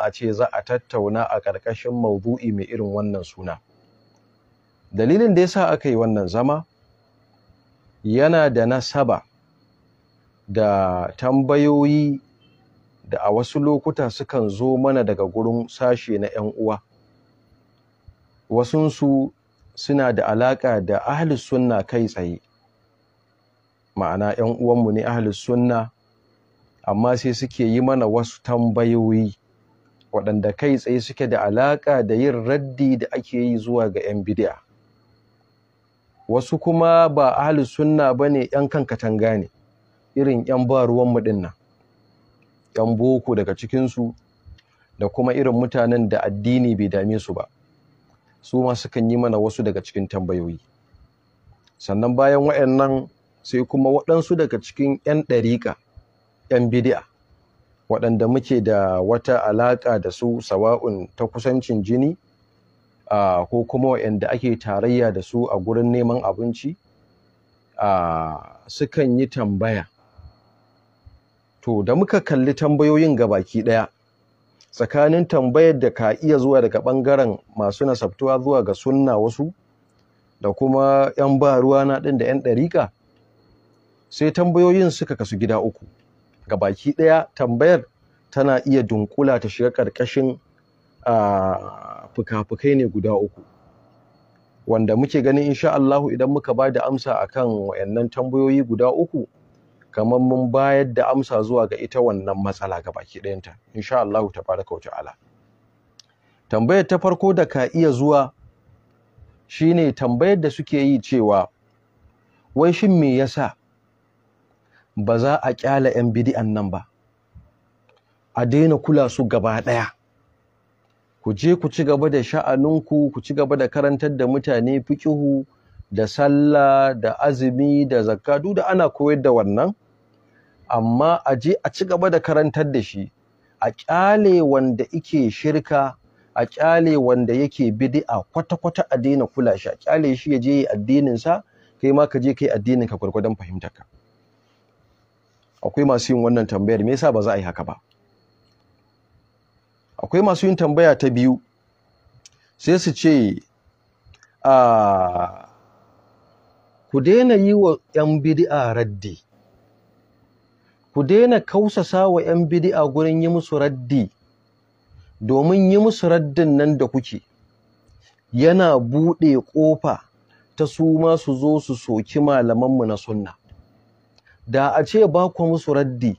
a ce za a tattauna a ƙarƙashin maudu'i mai irin wannan suna dalilin da ya sa aka yi wannan zama yana da nasaba da tambayoyi da a wasu lokuta sukan zo mana daga gurin sashe na 'yan uwa wasunsu suna da alaƙa da ahlus sunna kai tsaye ma'ana 'yan uwanmu ne ahlus sunna amma sai suke yi mana wasu tambayoyi waɗanda kai tsaye suke da alaƙa da yin raddi da ake yi zuwa ga 'yan bidiya wasu kuma ba ahalus sunna ba ne 'yan kan katanga ne irin 'yan ba ruwan ɗin nan 'yan boko daga cikinsu da kuma irin mutanen da addini bai dame su ba su ma sukan yi mana wasu daga cikin tambayoyi sannan bayan waɗannan sai kuma waɗansu daga cikin 'yan ɗariƙa 'yan bidi'a waɗanda muke da wata alaƙa da su sawa'un ta kusancin jini ko kuma waɗanda ake tarayya da su a gurin neman abinci uh, sukan yi tambaya to da muka kalli tambayoyin ga baki ɗaya tsakanin tambayar da ka iya zuwa daga ɓangaren masu nasabtuwa zuwa ga sunna wasu da kuma 'yan ba ruwana ɗin da 'yan ɗarika, sai tambayoyin suka kasu gida uku gabaki ɗaya tambayar tana iya dunkula ta shiga ƙarƙashin fuka-fukai ne guda uku wanda muke ganin insha Allahu idan muka ba da amsa akan wayannan tambayoyi guda uku kamar mun bayar da amsa zuwa ga ita wannan matsala gabaki ɗayanta insha Allahu tabaraka wa ta'ala tambayar ta farko da ka iya zuwa shine tambayar da suke yi cewa wai shin me yasa ba za a kyala 'yan bidi'an nan ba a daina kula su gaba ɗaya ku je ku ci gaba da sha'anunku, ku ci gaba da karantar da mutane fikihu da sallah da azumi da zakka duk da ana koyar da wannan amma a je a ci gaba da karantar da shi a kyale wanda ike shirka a ƙyale wanda yake bid'a kwata-kwata a daina kula shi a kyale shi ya je addinin sa kai ma ka je kai addinin ka gwargwadon ka. akwai masu yin wannan tambayar me yasa ba za a yi haka ba akwai masu yin tambaya ta biyu sai su ce a ku daina yi wa 'yan bid'a raddi ku daina kausasa wa 'yan bid'a gurin yi musu raddi domin yi musu raddin nan da kuke yana buɗe ƙofa ta su ma su zo su soki malamanmu na sunna da a ce ba kwa musu raddi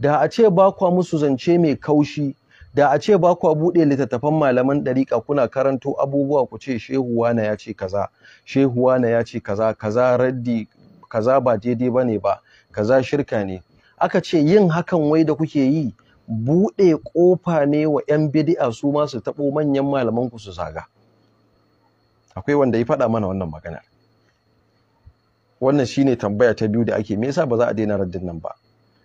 da a ce ba kwa musu zance mai kaushi da a ce ba kwa buɗe littattafan malaman ɗariƙa kuna karanto abubuwa ku ce shehu na ya ce kaza shehu na ya ce kaza kaza raddi kaza ba daidai ba ne ba kaza shirka ne aka ce yin hakan wai da kuke yi buɗe ƙofa ne wa 'yan bidi'a su ma su taɓo manyan malaman ku su zaga akwai wanda ya faɗa mana wannan maganar wannan shine tambaya ta biyu da ake me yasa ba za a daina raddin nan ba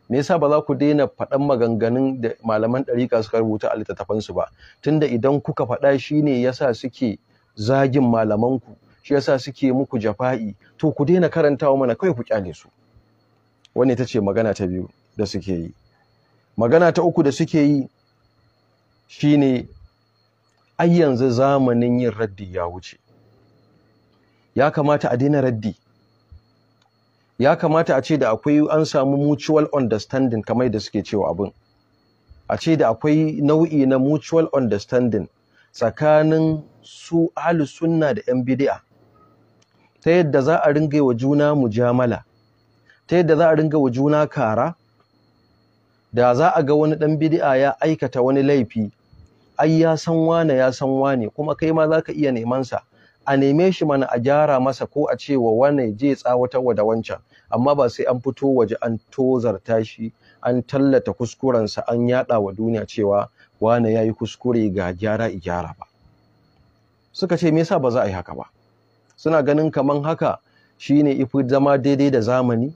me yasa ba za ku daina faɗan maganganun da malaman ɗariƙa suka rubuta a littattafansu ba tunda idan kuka faɗa shine yasa suke zagin malamanku shi yasa suke muku jafa'i to ku daina karantawa mana kawai ku kyale su wannan ita ce magana ta biyu da suke yi magana ta uku da suke yi shine ai yanzu zamanin yin raddi ya wuce ya kamata a daina raddi ya kamata a ce da akwai an samu mutual understanding kamar da suke cewa abin a ce da akwai nau'i na mutual understanding tsakanin su ahlu sunna da yan bid'a ta yadda za a ringa wa juna mujamala ta yadda za a ringa wa juna kara da za a ga wani dan bid'a ya aikata wani laifi ai ya san wane ya san wane kuma kai ma za ka iya nemansa? a neme shi mana a gyara masa ko a ce wa wane je wa da wancan amma ba sai an fito waje an tozarta shi an tallata kuskurensa an yada wa duniya cewa wane yayi kuskure ga gyara gyara ba suka ce me yasa ba za a yi haka ba suna ganin kaman haka shine ifi zama daidai da zamani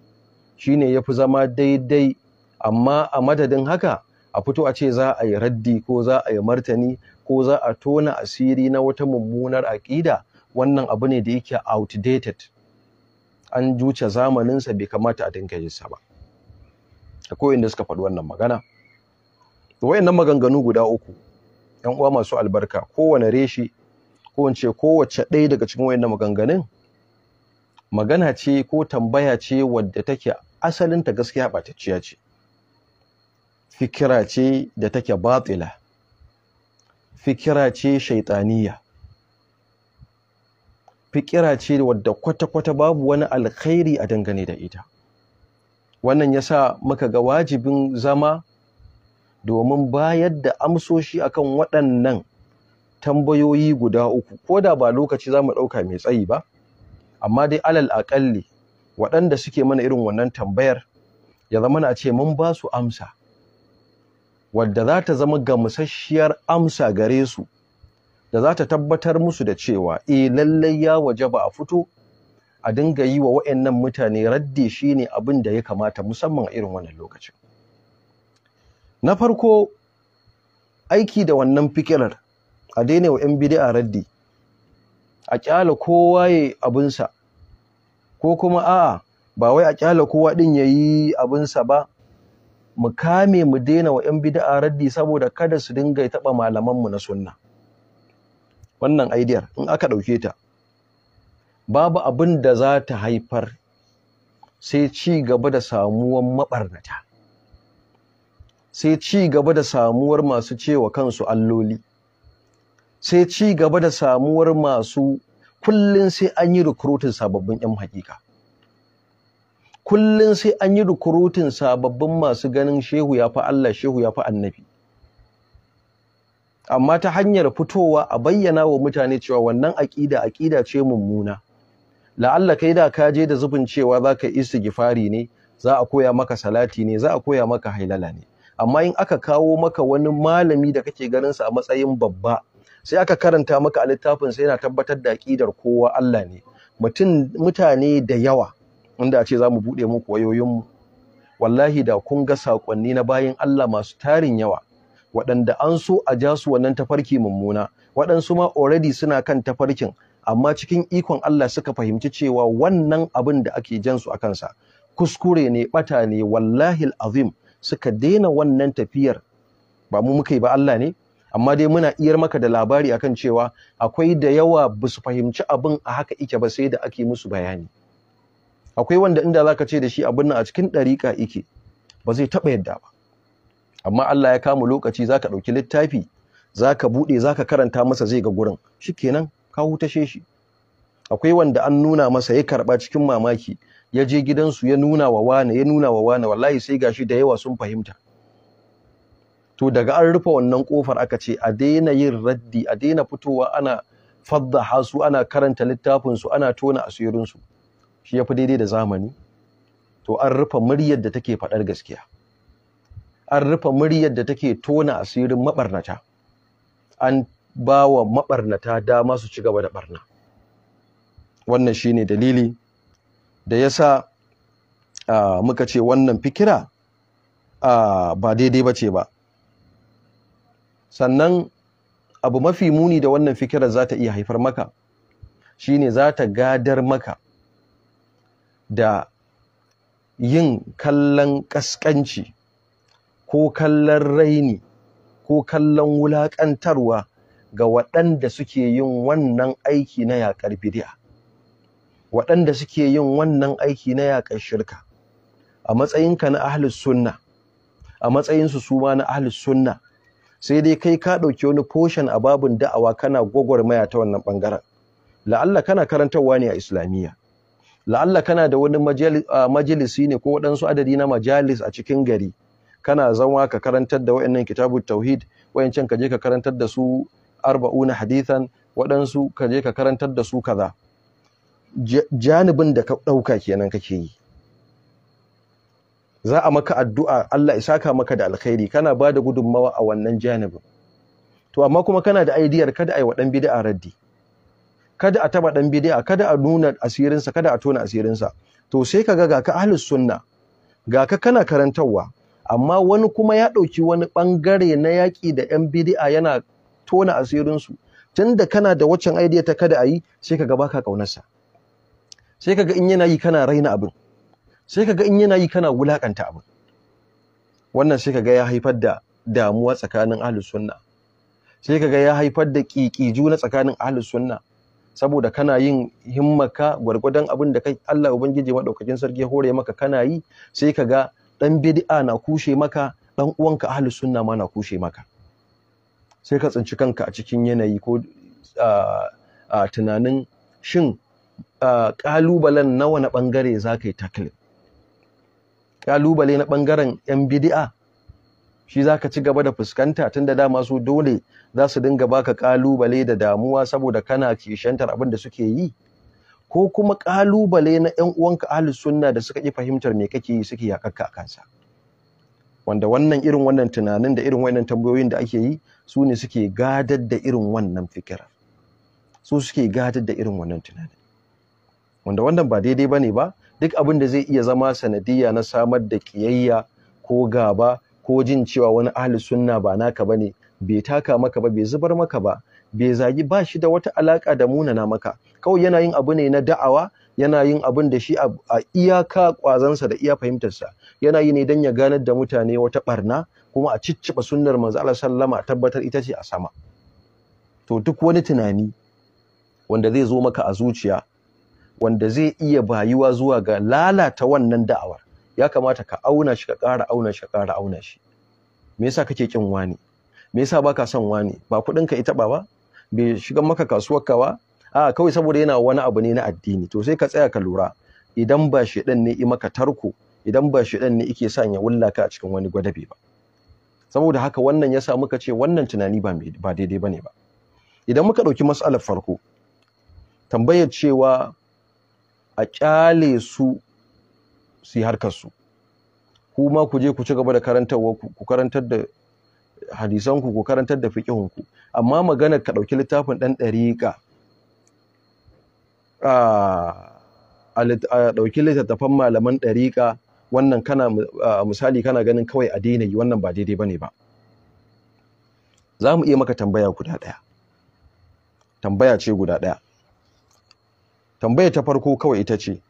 shine yafi zama daidai amma a madadin haka a fito a ce za a yi raddi ko za a yi martani ko za a tona asiri na wata mummunar aƙida wannan abu ne da yake outdated an juce zamaninsa bai kamata a dinga yinsa ba akwai inda suka faɗi wannan magana da wayannan maganganu guda uku yan uwa masu albarka kowane reshi ko kowace ɗaya daga cikin wayannan maganganun magana ce ko tambaya ce wadda take asalinta gaskiya ɓatacciya ce fikira ce da take batila fikira ce shaitaniya fikira ce wadda kwata-kwata babu wani alkhairi a dangane da ita wannan ya sa muka ga wajibin zama domin bayar da amsoshi akan waɗannan tambayoyi guda uku ko da ba lokaci za mu ɗauka mai tsayi ba amma dai alal aƙalli waɗanda suke mana irin wannan tambayar ya zama na ce mun ba su amsa wadda za ta zama gamsasshiyar amsa gare su da za ta tabbatar musu da cewa e lallai ya waje ba a fito a dinga yi wa wa'annan mutane raddi ne abin da ya kamata musamman a irin wannan lokacin na farko aiki da wannan fikirar a daina wa 'yan a raddi a kyala kowa ya abinsa ko kuma a'a ba wai a kyala kowa din yi abinsa ba mu kame mu daina wa 'yan a raddi saboda kada su dinga taɓa malamanmu na sunna wannan aidiyar in aka ɗauke ta babu abin da za ta haifar sai ci gaba da samuwar maɓarnata sai ci gaba da samuwar masu cewa kansu alloli sai ci gaba da samuwar masu kullum sai an yi sababbin 'yan hakika kullum sai an yi rikurutin sababbin masu ganin shehu ya fi Allah shehu ya fi annabi amma ta hanyar fitowa a bayyana wa mutane cewa wannan aƙida aƙida ce mummuna la'alla kai da ka je da zubin cewa za ka istighfari ne za a koya maka salati ne za a koya maka hailala ne amma in aka kawo maka wani malami da kake ganin sa a matsayin babba sai aka karanta maka a littafin sai yana tabbatar da aƙidar kowa Allah ne mutum mutane da yawa inda a ce za mu buɗe muku wayoyinmu wallahi da kun ga saƙonni na bayin Allah masu tarin yawa waɗanda an so a ja su wannan tafarki mummuna waɗansu ma already suna kan tafarkin amma cikin ikon Allah suka fahimci cewa wannan abin da ake jan su a kansa kuskure ne bata ne wallahi azim suka daina wannan tafiyar ba mu muka yi ba Allah ne amma dai muna iyar maka da labari akan cewa akwai da yawa ba su fahimci abin a haka ike ba sai da ake musu bayani akwai wanda inda zaka ce da shi abin nan a cikin ɗariƙa ike ba zai taɓa yadda ba amma Allah ya kama lokaci zaka ɗauki littafi zaka buɗe zaka karanta masa zai ga gurin shikenan ka hutashe shi akwai wanda an nuna masa ya karɓa cikin mamaki ya je gidansu ya nuna wa wane ya nuna wa wane wallahi sai gashi da yawa sun fahimta to daga an rufe wannan kofar aka ce a daina yin raddi a daina fitowa ana fadda hasu ana karanta littafin su ana tona asirin su shi yafi daidai da zamani to an rufe muryar da take faɗar gaskiya an rufe muryar da take tona asirin maɓarnata, an ba wa mabarnata dama su ci gaba da ɓarna. wannan shine dalili da yasa uh, muka ce wannan fikira uh, ba daidai ba ce ba sannan abu mafi muni da wannan fikirar za ta iya haifar maka shine za ta gadar maka da yin kallon ƙasƙanci ko kallon raini ko kallon wulaƙantarwa ga waɗanda suke yin wannan aiki na yaƙar bidiya waɗanda suke yin wannan aiki na yaƙar shirka a matsayinka na ahlus sunna a matsayinsu su ma na ahlus sunna sai dai kai ka ɗauki wani portion a babun da'awa kana gwagwarmaya ta wannan ɓangaren la'alla kana karantarwa ne a islamiyya la'alla kana da wani majalisi ne ko waɗansu adadi na majalis a cikin gari kana zama ka karantar da wayannan kitabun tauhid wayancan ka je ka karantar da su arba'una hadithan waɗansu ka je ka karantar da su kaza janibin da ka ɗauka kenan kake yi za a maka addu'a Allah ya saka maka da alkhairi kana ba da gudunmawa a wannan janibin to amma kuma kana da idiyar kada a yi wa ɗan bid'a raddi kada a taba ɗan bid'a kada a nuna asirinsa kada a tona asirinsa to sai ka ga ga ka ahlus sunna ga ka kana karantarwa amma wani kuma ya ɗauki wani ɓangare na yaƙi da ‘yan bidi'a yana tona asirinsu tun da kana da waccan idea ta kada a yi sai ka ga baka ƙaunarsa sai ka ga in yana yi kana raina abin sai ka ga in yana yi kana wulaƙanta abin wannan sai ka ga ya haifar da damuwa tsakanin ahlus sunna sai ka ga ya haifar da ƙiƙiju na tsakanin ahlus sunna saboda kana yin himmaka gwargwadon abin da kai Allah ubangiji madaukakin sarki ya hore maka kana yi sai ka ga dan bid'a na kushe maka dan uwanka ahlus sunna ma na kushe maka sai ka tsinci kanka a cikin yanayi ko a tunanin shin kalubalen nawa na bangare zaka yi tackling kalubale na bangaren yan bid'a shi zaka ci gaba da fuskanta tunda dama su dole za su dinga baka kalubale da damuwa saboda kana kishantar abin da suke yi ko kuma ƙalubale na ‘yan uwanka ahlus sunna da suka ƙi fahimtar me kake yi suke yakakka a kansa wanda wannan irin wannan tunanin da irin wannan tambayoyin da ake yi su ne suke gadar da irin wannan fikira su suke gadar da irin wannan tunanin wanda wannan ba daidai ba ne ba duk abin da zai iya zama sanadiyya na samar da ƙiyayya ko gaba ko jin cewa wani ahlus sunna ba naka bane bai taka maka ba bai zubar maka ba bai zagi ba shi da wata alaka da munana maka kawai yana yin abu ne na da'awa yana yin abin da shi a iyaka kwazansa da iya fahimtarsa yana yi ne don ya ganar da mutane wata barna kuma a cicciba sunnar manzo Allah sallama tabbatar ita ce a sama to duk wani tunani wanda zai zo maka a zuciya wanda zai iya bayuwa zuwa ga lalata wannan da'awar ya kamata ka auna shi ka ƙara auna shi ka ƙara auna shi me yasa kake kin wani me yasa baka son wani ba kuɗin ka ita ba ba bai shiga maka kasuwar ka ba a kawai saboda yana wani abu ne na addini to sai ka tsaya ka lura idan ba shedan ne i maka tarko idan ba shedan ne yake sanya wulla ka a cikin wani gwadabe ba saboda haka wannan ya sa muka ce wannan tunani ba ba daidai bane ba idan muka dauki mas'alar farko tambayar cewa a kyale su su harkar su kuma ku je ku ci gaba da karantarwar ku karantar da hadisan ku karantar da ku amma magana ka dauki littafin dan dariqa a ɗauki littattafan malaman ɗariƙa wannan kana misali kana ganin kawai a daina yi wannan ba daidai ba ne ba za mu iya maka tambaya guda ɗaya tambaya ce guda ɗaya tambaya ta farko kawai ita ce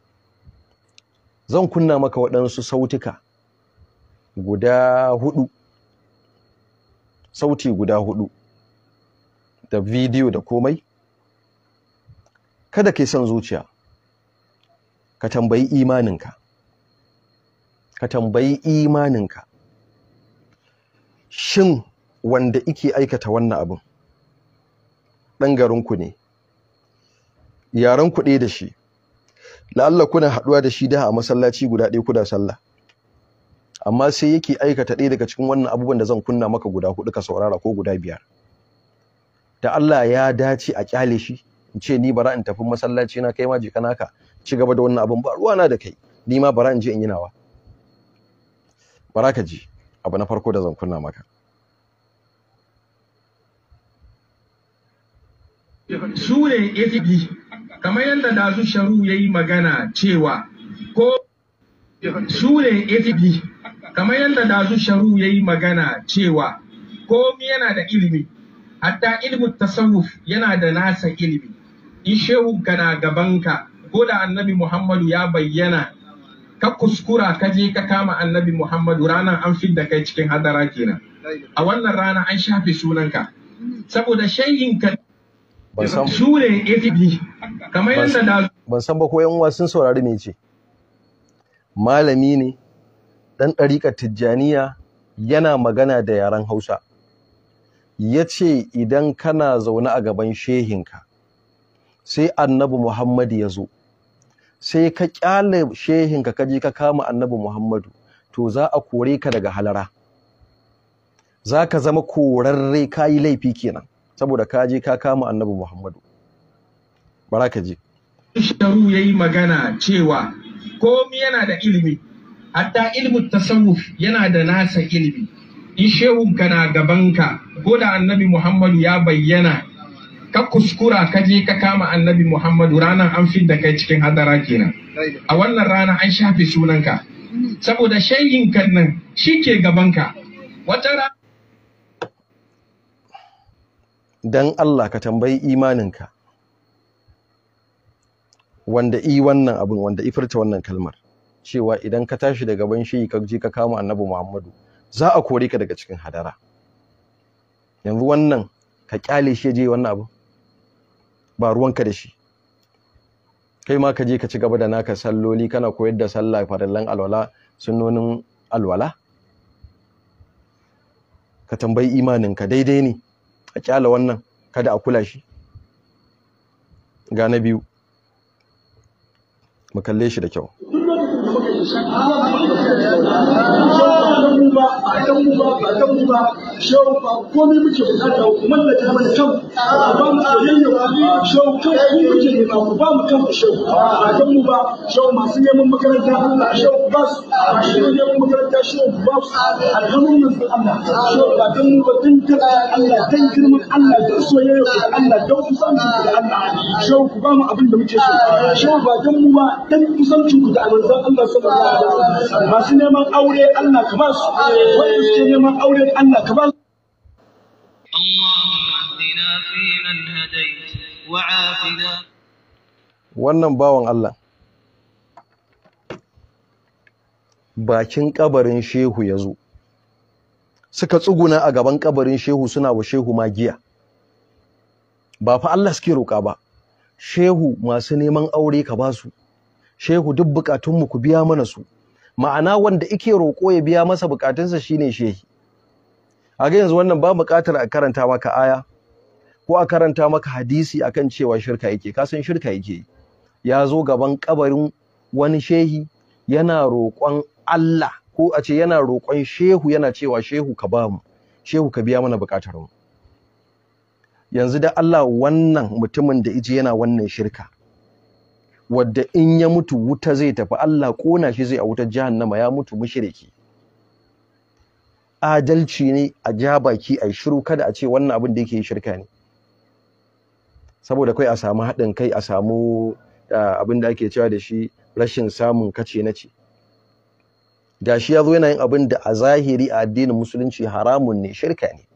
zan kunna maka waɗansu sautuka guda hudu sauti guda hudu da bidiyo da komai kada ka yi son zuciya ka tambayi imaninka ka tambayi imaninka shin wanda ike aikata wannan abin ɗan garinku ne yaren kuɗe da shi la'alla kuna haɗuwa da shi da a masallaci guda ɗaya kuda sallah amma sai yake aikata ɗaya daga cikin wannan abubuwan da zan kunna maka guda huɗu ka saurara ko guda biyar da Allah ya dace a kyale shi in ce ni bara in tafi masallaci na kai ma jika naka ci gaba da wannan abin ba ruwa na da kai ni ma bara in je in yi nawa bara ka ji abu na farko da zan kunna maka su ne ACB kamar yadda da su sharu ya yi magana cewa ko su ne kamar yadda da su sharu ya magana cewa komi yana da ilimi hatta ilimin tasawuf yana da nasa ilimi ishehunka na gabanka ko da annabi muhammadu ya bayyana ka kuskura ka je ka kama annabi muhammadu ranar an da kai cikin hadara kenan a wannan rana an shafe sunanka saboda shehinka su ne fb kamar yadda da ban san ba ko yan uwa sun saurari me ce malami ne dan ɗarika tijjaniya yana magana da yaren hausa ya ce idan kana zaune a gaban shehinka sai annabi Muhammadu ya zo sai ka kyale shehinka ka je ka kama annabi Muhammadu to za a kore ka daga halara za ka zama korarre ka yi laifi kenan saboda ka je ka kama annabi Muhammadu bara ka je sharu ya yi magana cewa komi yana da ilimi hatta ilimin tasawuf yana da nasa ilimi in shehunka na gabanka ko da annabi Muhammadu ya bayyana ka kuskura ka je ka kama annabi Muhammadu ranar an fi da kai cikin hadara kenan a wannan rana an shafe sunanka saboda shayin kan nan shi ke gabanka wata rana dan Allah ka tambayi imaninka wanda i wannan abin wanda ifirta wannan kalmar cewa idan ka tashi daga ban shi ka je ka kama annabi Muhammadu za a kore ka daga cikin hadara yanzu wannan ka kyale shi je wannan abu ba ruwanka da shi kai ma ka je ka ci gaba da naka salloli kana koyar da sallah farallan alwala sunnonin alwala ka tambayi imaninka daidai ne a kyala wannan kada a kula shi ga biyu mu kalle shi da kyau ba a ba ba a ba ba komai muke bukata ku mallaka mana kanku ba mu soyayya shau kan ku kuke nema ku ba mu kanku shau ba kan mu ba shau masu neman makaranta shau bas masu neman makaranta shau bas alhamdulillah sun Allah shau ba kan mu ba din kana Allah dan girman Allah da soyayya ku Allah dan kusancin ku da Allah shau ku ba mu abin da muke so shau ba kan mu ba dan kusancin ku da manzon Allah sallallahu alaihi wasallam masu neman aure Allah ka ba su wanda suke neman aure Allah ka ba su wannan bawan Allah bakin kabarin shehu ya zo suka tsuguna a gaban kabarin shehu suna wa shehu magiya ba fa Allah suke roƙa ba shehu masu neman aure ka ba su shehu duk bukatunmu ku biya mana su ma'ana wanda ike roƙo ya biya masa bukatunsa shine shehi a ga yanzu wannan ba buƙatar a karanta maka aya ko a karanta maka hadisi akan cewa shirka yake ka san shirka yake ya zo gaban kabarin wani shehi yana roƙon Allah ko a ce yana roƙon shehu yana cewa shehu ka ba mu shehu ka biya mana buƙatar mu yanzu da Allah wannan mutumin da ije yana wannan shirka wadda in ya mutu wuta zai tafi Allah kona shi zai a wutar jahannama ya mutu mushriki adalci ne a ja baki a shiru kada a ce wannan abin da yake shirka ne saboda kai a samu haɗin kai a samu abin da ake cewa da shi rashin samun kace na ce da shi ya zo yana yin abin da a zahiri a addinin musulunci haramun ne shirka ne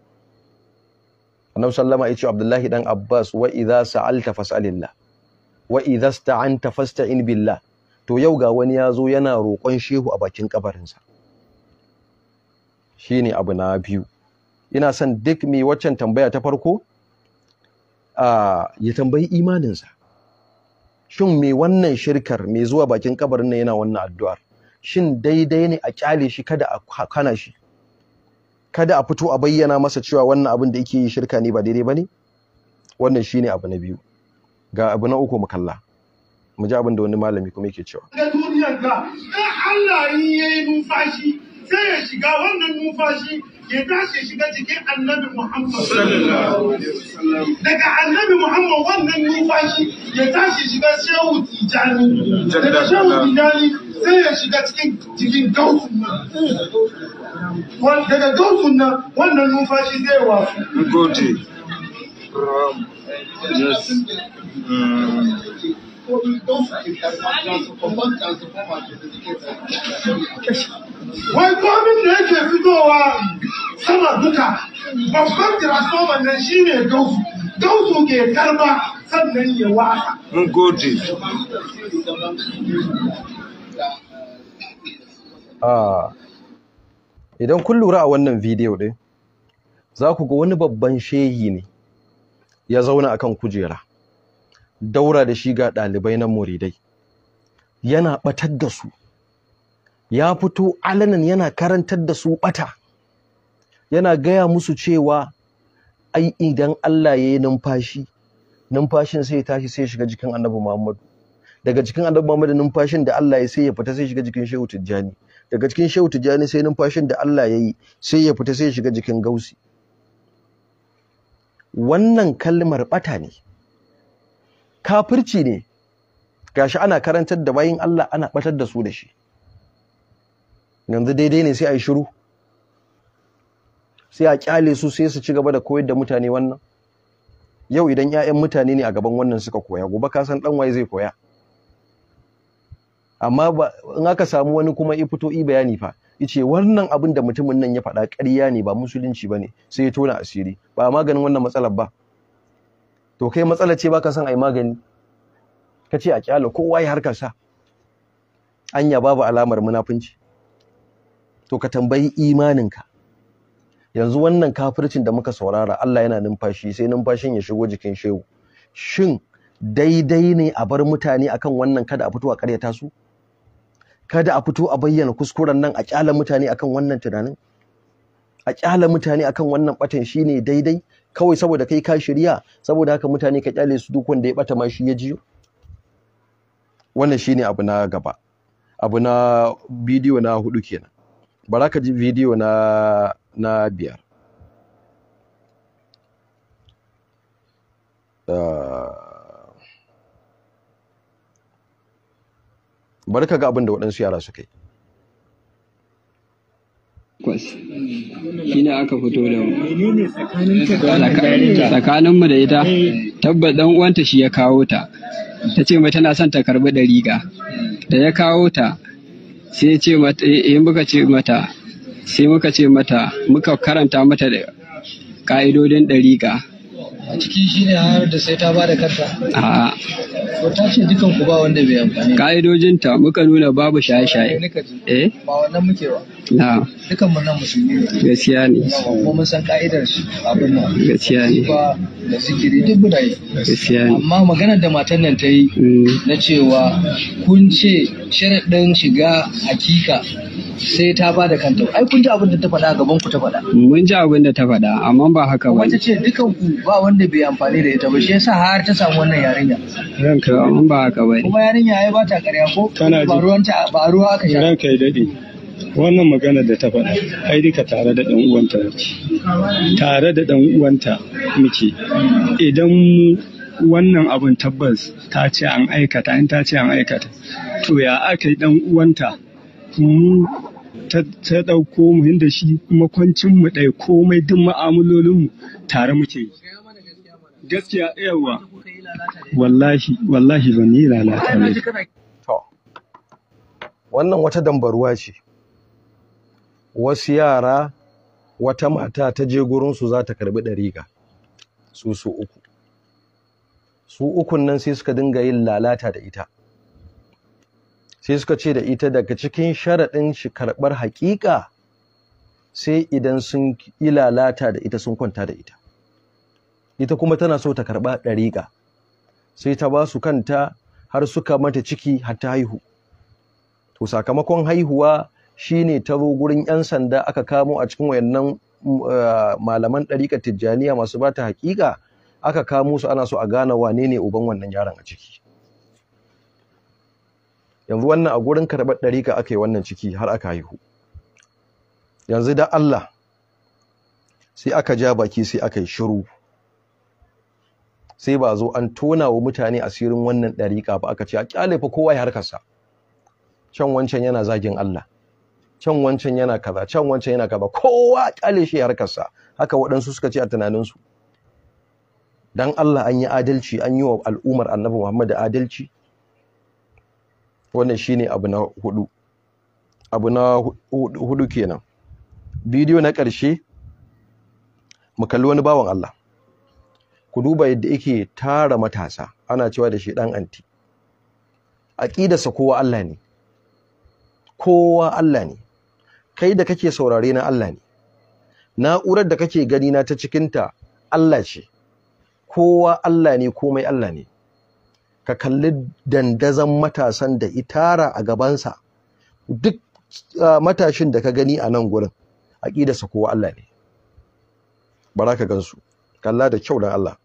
annabi sallama ya ce abdullahi dan abbas wa idza sa'alta fas'alillah wa idza sta'anta fasta'in billah to yau ga wani ya zo yana roƙon shehu a bakin kabarinsa shine abu na biyu ina son duk mai waccan tambaya ta farko ya tambayi imaninsa shin me wannan shirkar me zuwa bakin kabarin nan yana wannan addu'ar shin daidai ne a kyale shi kada a kana shi kada a fito a bayyana masa cewa wannan abin da yake yi shirka ne ba daidai bane wannan shine abu na biyu ga abu na uku mu kalla mu ji abin da wani malami kuma yake cewa da duniyar ga Allah in yayi numfashi sai ya shiga wannan numfashi ya tashi shiga cikin annabi Muhammad daga annabi Muhammad wannan numfashi ya tashi shiga shehu tijani daga shehu tijani sai ya shiga cikin jikin nan daga gautun nan wannan numfashi zai wasu ko da wai komin da yake fitowa sama duka babban transformer nan shine gausu gausu sannan ya ah, idan kun lura a wannan bidiyo ɗin za ku ga wani babban shehi ne ya zauna akan kujera daura da shi ga ɗalibai na muridai yana ɓatar da su ya fito alanan yana karantar da su ɓata yana gaya musu cewa ai idan Allah ya yi numfashi numfashin sai ya tashi sai ya shiga jikin annabi Muhammadu daga jikin annabi Muhammadu numfashin da Allah ya sai ya fita sai ya shiga jikin Shehu Tijjani daga cikin Shehu Tijjani sai numfashin da Allah ya yi sai ya fita sai ya shiga jikin Gausi wannan kalmar bata ne kafirci ne gashi ana karantar da bayin Allah ana batar da su da shi yanzu daidai ne sai a yi shiru sai a kyale su sai su ci gaba da koyar da mutane wannan yau idan 'ya'yan mutane ne a gaban wannan suka koya gobe ka san dan waye zai koya amma in aka samu wani kuma i fito i bayani fa ice. wannan abin da mutumin nan ya faɗa ƙarya ne ba musulunci ne, sai ya tona asiri ba maganin wannan matsalar ba to kai matsala ce baka son ai magani kace a kyala kowa ya harkar sa anya babu alamar munafunci to ka tambayi imaninka yanzu wannan kafircin da muka saurara Allah yana numfashi sai numfashin ya shigo jikin shehu shin daidai ne a bar mutane akan wannan kada a fito a karyata su kada a fito a bayyana kuskuren nan a kyala mutane akan wannan tunanin a kyala mutane akan wannan batan shine daidai kawai saboda kai ka shirya saboda haka mutane ka kyale su duk wanda ya bata ma shi ya jiyo wannan shine abu na gaba abu na bidiyo na hudu kenan bara ka ji bidiyo na na biyar ah, bari ka ga abin da waɗansu yara suka yi kwas shi ne aka fito da mu tsakaninmu da ita eh. tabbat dan uwanta shi ya kawo ta ta ce mai tana son ta karbi da riga da ya kawo ta sai ce mata eh, in muka ce mata sai muka ce mata muka karanta mata da ka'idodin dariƙa a ciki shi ne har da sai ta ba da karta a ko ta ce dukan ku ba wanda bai amfani ka'idojinta muka nuna babu shaye-shaye eh ba wannan muke ba na dukan mu nan musulmi ne gaskiya ne kuma mun san ka'idar abin mu. gaskiya ne Ba da zikiri duk muna yi gaskiya ne amma maganar da matan nan ta yi mm. na cewa kun ce sharaɗin shiga hakika sai ta ba da kanta ai kun ji abin da ta faɗa gaban ku ta faɗa mun ji abin da ta faɗa amma ba haka ba wata ce dukan ku ba wanda bai amfani da ita ba shi yasa har ta samu wannan yarinya ranka amma ba haka ba kuma yarinya ai ba ta ƙarya ko ba ruwanta ba ruwa aka sha ranka dade wannan magana da ta faɗa ai duka tare da ɗan uwanta muke tare da ɗan uwanta muke idan mu wannan abin tabbas ta ce an aikata in ta ce an aikata to ya aka yi ɗan uwanta mu ta ɗauko mu inda shi makwancin mu ɗai komai duk ma'amalolinmu tare muke gaskiya yawa wallahi wallahi ban yi lalata ne wannan wata dambaruwa ce wasu yara wata mata ta je gurinsu za ta karbi ɗariga, su su uku su ukun nan sai suka dinga yin lalata da ita sai suka ce da ita daga cikin sharaɗin shi karɓar haƙiƙa sai idan sun yi lalata da ita sun kwanta da ita ita kuma tana so ta karɓa ɗariga, sai ta ba su kanta har suka mata ciki har ta haihu to sakamakon haihuwa shine ta zo gurin 'yan sanda aka kamo a cikin wayannan mm, eh, malaman ɗarika tijjaniya masu bata haƙiƙa aka kamo su ana so a gane wane ne uban wannan yaron a ciki yanzu wannan a gurin karɓar ɗarika aka yi wannan ciki har aka haihu yanzu da Allah sai aka ja baki sai aka yi shiru sai ba zo an tona wa mutane asirin wannan ɗarika ba aka ce a ƙyale fa kowa ya harkarsa can wancan yana zagin Allah can wancan yana kaza can wancan yana kaza kowa kale shi harkarsa haka waɗansu suka ce a tunaninsu dan Allah an yi adalci an yi wa al'ummar annabi Muhammad adalci wannan shine abu na hudu abu na hudu kenan bidiyo na ƙarshe mu kalli wani bawan Allah ku duba yadda yake tara matasa ana cewa da shi dan anti aqidarsa kowa Allah ne kowa Allah ne kai da kake saurare na Allah ne na'urar da kake gani na ta cikinta Allah ce kowa Allah ne komai Allah ne ka kalli dandazan matasan da itara a gabansa duk matashin da ka gani a nan gurin aƙidarsa kowa Allah ne bara ka gansu kalla da kyau dan Allah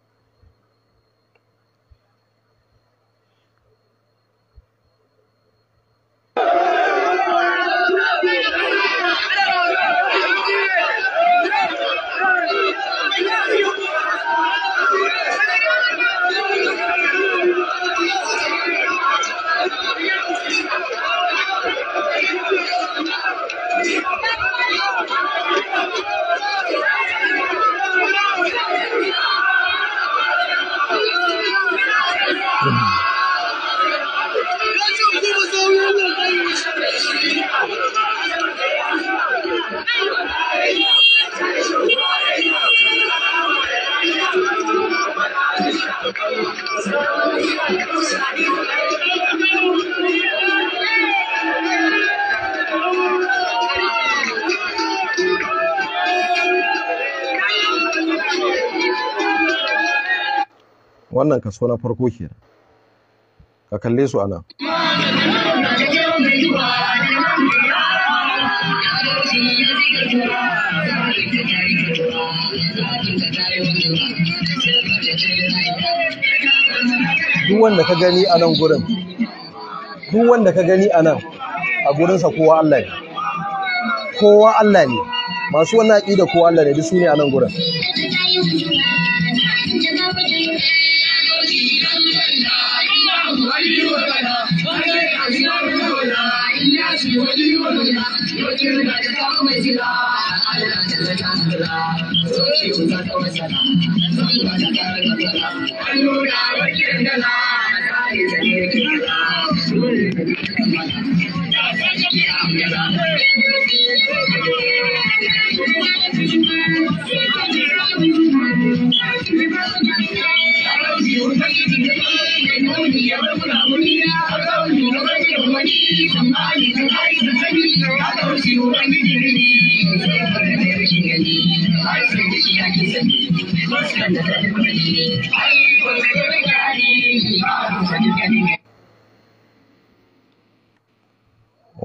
wannan kaso na farko kenan ka kalle su ana duk wanda ka gani a nan gurin duk wanda ka gani a nan a gurinsa kowa Allah ne kowa Allah ne masu wannan aƙida kowa Allah ne duk su ne a nan gurin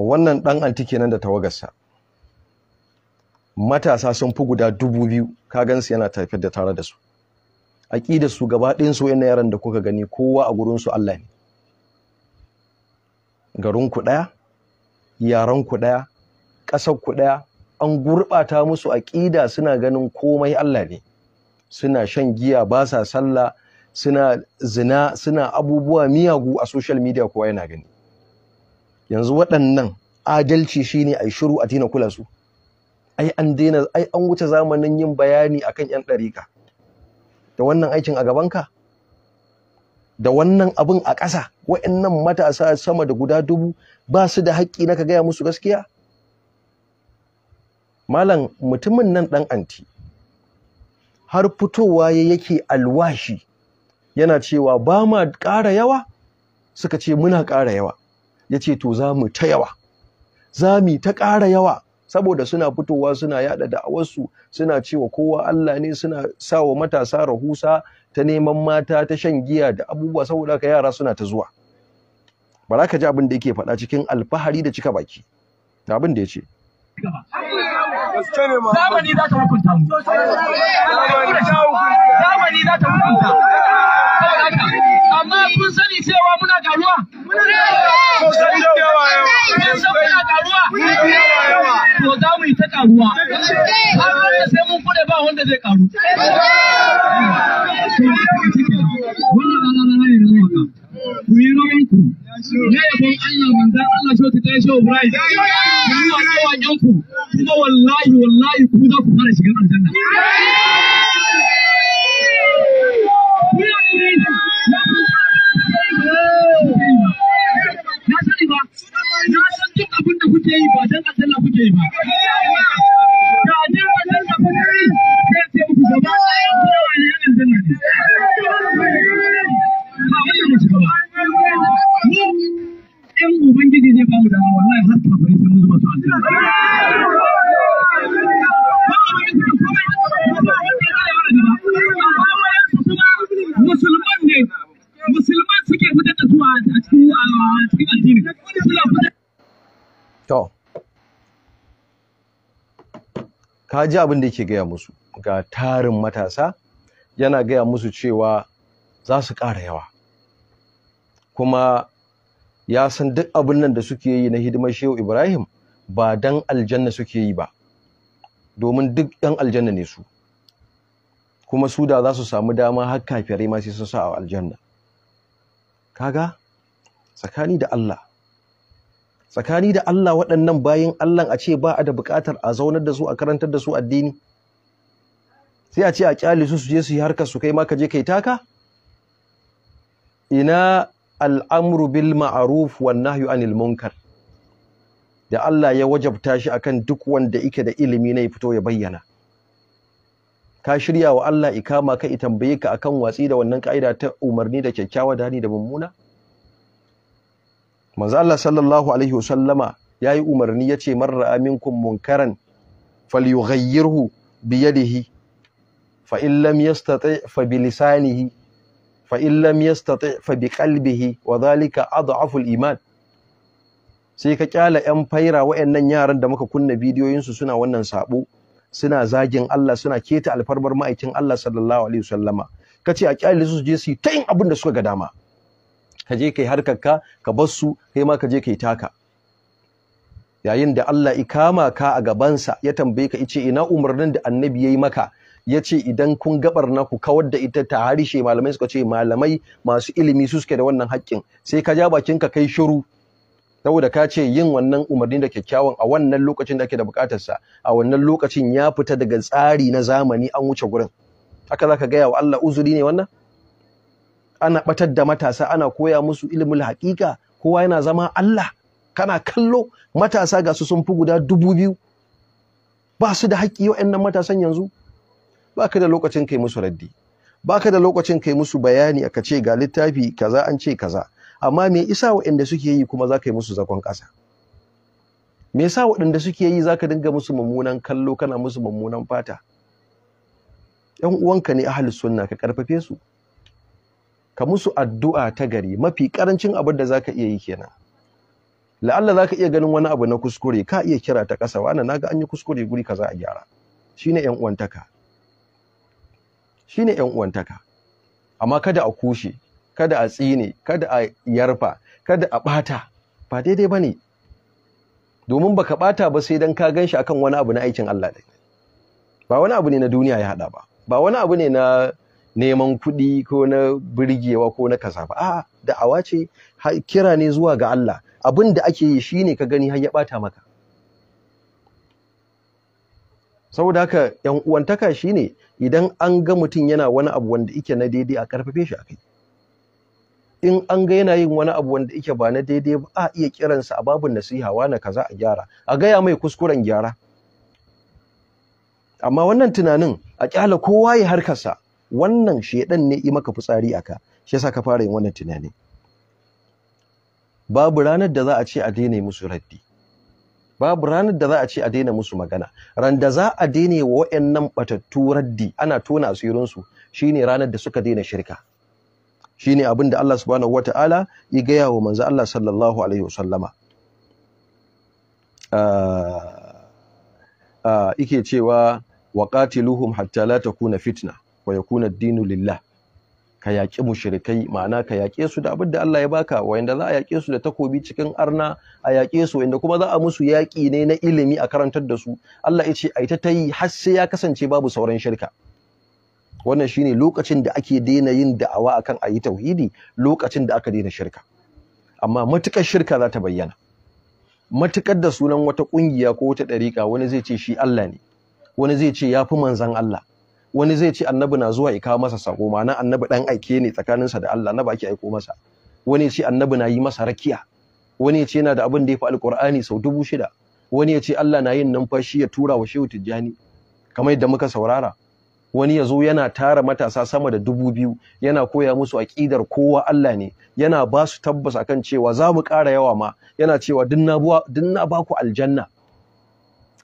wannan ɗan anti kenan da tawagarsa matasa sun fi guda dubu biyu ka gansu yana tafiyar da tare da su a da su gaba ɗin su yana yaran da kuka gani kowa a gurinsu Allah ne garin ku ɗaya yaran ku ɗaya ƙasar ku ɗaya an gurɓata musu a aƙida suna ganin komai Allah ne suna shan giya ba sa sallah suna zina suna abubuwa miyagu a social media kowa yana gani yanzu waɗannan adalci shine ai shiru a tina kula su ai an daina ai an wuce zamanin yin bayani akan yan ɗarika da wannan aikin a gabanka da wannan abin a ƙasa waɗannan matasa sama da guda dubu ba su da haƙƙi na ka gaya musu gaskiya malam mutumin nan ɗan anti har fitowa ya yake alwashi yana cewa ba ma ƙara yawa suka ce muna ƙara yawa ya ce to za mu ta yawa za mu ta ƙara yawa saboda suna fitowa suna yada da'awarsu suna cewa kowa Allah ne suna sa wa matasa rahusa ta neman mata ta shan giya da abubuwa saboda ka yara suna ta zuwa ba za ka ji abin da yake faɗa cikin alfahari da cika baki ta abin da ya ce amma kun sani cewa muna garuwa kun sani cewa muna garuwa to za mu yi ta karuwa har wanda sai mun kure ba wanda zai karu wannan ana rana ne na mawaka ku yi nauyin ku ne yabon Allah manzo Allah so ta kai shi Ibrahim ku yi wajen ku kuma wallahi wallahi ku za ku fara shiga aljanna Yeah. ba na san duk abin da kuke yi ba dan Allah kuke yi ba da ne wannan da kuke yi sai ce muku gaba ɗaya kowa da yana ba wannan mace ba In ubangiji zai ba mu dama wallahi har ta bari sai mu zuba su ba mu da komai musulman suke ka ji abin da yake gaya musu ga tarin matasa yana gaya musu cewa za su ƙara yawa kuma ya san duk abin nan da suke yi na hidimar shehu ibrahim ba dan aljanna suke yi ba domin duk ɗan aljanna ne su kuma su da za su samu dama har kafirai ma sai sun sa a aljanna kaga tsakani da Allah tsakani da Allah waɗannan bayan Allah a ce ba a da buƙatar a zaunar da su a karantar da su addini sai a ce a kyali su su je su yi harkar su kai ma ka je kai taka ina al'amru bil ma'aruf wan nahyu anil munkar da Allah ya wajabta shi akan duk wanda yake da ilimi na ya fito ya bayyana ka shirya wa Allah ikama ka i tambaye ka akan watsi da wannan ka'ida ta umarni da kyakkyawa da hani da mummuna manzo Allah sallallahu alaihi wasallama yayi umarni yace man ra'a minkum munkaran falyughayyirhu bi yadihi fa in lam yastati fa bi lisanihi fa in lam yastati fa bi qalbihi wa dhalika adhafu al-iman sai ka kyala yan faira wayannan yaran da muka kunna bidiyoyin su suna wannan sabo suna zagin Allah suna keta alfarmar ma'aikin Allah sallallahu alaihi wasallama kace a kyali su je su ta yin abin da suka ga dama ka je kai harkar ka ka bar su kai ma ka je kai taka yayin da Allah ikama ka a gabansa ya tambaye ka ice ina umarnin da annabi yayi maka ya ce idan kun gabar na ku kawar da ita ta harishe malamai suka ce malamai masu ilimi su suke da wannan haƙƙin sai ka ja bakinka kai shiru saboda ka ce yin wannan umarni da kyakkyawan a wannan lokacin da ake da bukatar a wannan lokacin ya fita daga tsari na zamani an wuce gurin haka ka gaya wa Allah uzuri ne wannan ana batar da matasa ana koya musu ilimin haƙiƙa kowa yana zama Allah kana kallo matasa ga su sun fi guda dubu biyu ba su da haƙƙi waɗannan matasan yanzu ba ka da lokacin kai musu raddi ba ka da lokacin kai musu bayani aka ce ga littafi kaza an ce kaza amma me isa waɗanda suke yi kuma za ka yi musu zakon ƙasa me yasa waɗanda suke yi za ka dinga musu mummunan kallo kana musu mummunan fata ‘yan uwanka ne ahal sunna ka ƙarfafe su ka musu addu'a ta gari mafi ƙarancin abin da za ka iya yi kenan la'alla za ka iya ganin wani abu na kuskure ka iya kira ta ƙasa wa na ga an yi kuskure guri ka za a gyara shi ne ‘yan shi ne ‘yan uwantaka amma kada a kushe kada a tsine kada a yarfa kada a bata ba daidai bane domin baka bata ba sai dan ka ganshi akan wani abu na aikin Allah dai. ba wani abu ne na duniya ya haɗa ba ba wani abu ne na neman kuɗi ko na birgewa ko na kasafa a da'awa ce kira ne zuwa ga Allah abin da ake yi shine ka gani har ya bata maka saboda haka yan uwantaka shine idan an ga mutum yana wani abu wanda yake na daidai a karfafe shi kai. in an ga yana yin wani abu wanda yake ba na daidai ba a iya kiransa a babu nasiha wani kaza a gyara a gaya mai kuskuren gyara amma wannan tunanin a kyala kowa ya harkarsa wannan shedan ne yi maka fitsari aka shi yasa ka fara yin wannan tunani babu ranar da za a ce a daina musu raddi babu ranar da za a ce a daina musu magana ran da za a daina wa waɗannan batattu raddi ana tona asirin asirinsu shine ranar da suka daina shirka shine abin da Allah subhanahu wata'ala ya gaya wa manzo Allah sallallahu alaihi wasallama ike ah, ah, cewa wa qatiluhum hatta la takuna fitna wa yakuna ad-dinu lillah ka yaƙi mushrikai ma'ana ka yake su da abin da Allah ya baka Wa wayanda za a yake su da takobi cikin arna a yake su wayanda kuma za a musu yaƙi ne na ilimi a karantar da su Allah ya ce ai ta tayi har sai ya kasance babu sauran shirka wannan shine lokacin da ake daina yin da'awa akan ayi tauhidi lokacin da aka daina shirka amma matukar shirka za ta bayyana matukar da sunan wata kungiya ko wata dariƙa wani zai ce shi Allah ne wani zai ce yafi manzan Allah wani zai ce annabi na zuwa ya kawo masa sako ma'ana annabi dan aike ne tsakaninsa da Allah na baki aiko masa wani ce annabi na yi masa rakiya wani ce yana da abin da ya fi alkur'ani sau dubu shida wani ya ce Allah na yin numfashi ya tura wa shehu tijjani kamar yadda muka saurara wani ya zo yana tara matasa sama da dubu biyu yana koya musu aƙidar kowa Allah ne yana ba su tabbas akan cewa za mu ƙara yawa ma yana cewa duk na ba ku aljanna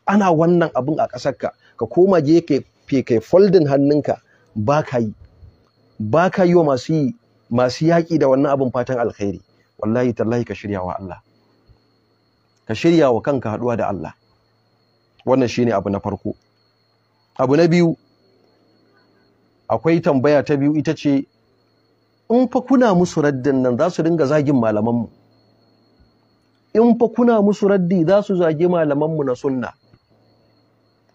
ana wannan abin a ƙasarka ka koma gefe kai folding hannunka ba ka yi ba ka yi wa masu yaƙi da wannan abin fatan alkhairi wallahi tallahi ka shirya wa Allah ka shirya wa kanka haɗuwa da Allah wannan shine abu na farko abu na biyu akwai tambaya ta biyu ita ce in fa kuna musu raddin nan za su dinga zagin malamanmu in fa kuna musu raddi za su zagi malamanmu na sunna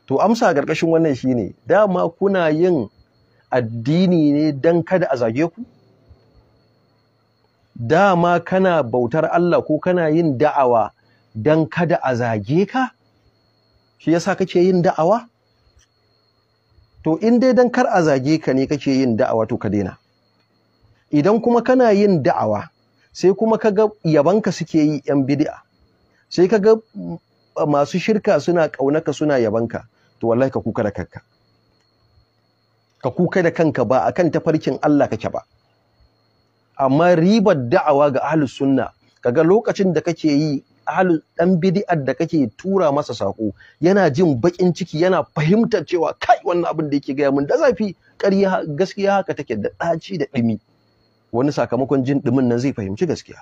to amsa a ƙarƙashin wannan shine dama kuna yin addini ne don kada a zage ku dama kana bautar Allah ko kana yin da'awa don kada a zage ka shi yasa kake yin da'awa to in dai dan kar a zage ka ne kake yin da'awa to ka daina idan kuma kana yin da'awa sai kuma kaga yabanka suke yi yan bid'a sai kaga masu shirka suna kaunaka suna yabanka to wallahi ka kuka da kanka ka kuka da kanka ba akan tafarkin Allah kake ba amma ribar da'awa ga ahlus sunna kaga lokacin da kake yi ahalu ɗan bid'ar da kake tura masa sako yana jin baƙin ciki yana fahimtar cewa kai wannan abin da yake gaya mun da zafi ƙarya gaskiya haka take da ɗaci da ɗumi wani sakamakon jin ɗumin nan zai fahimci gaskiya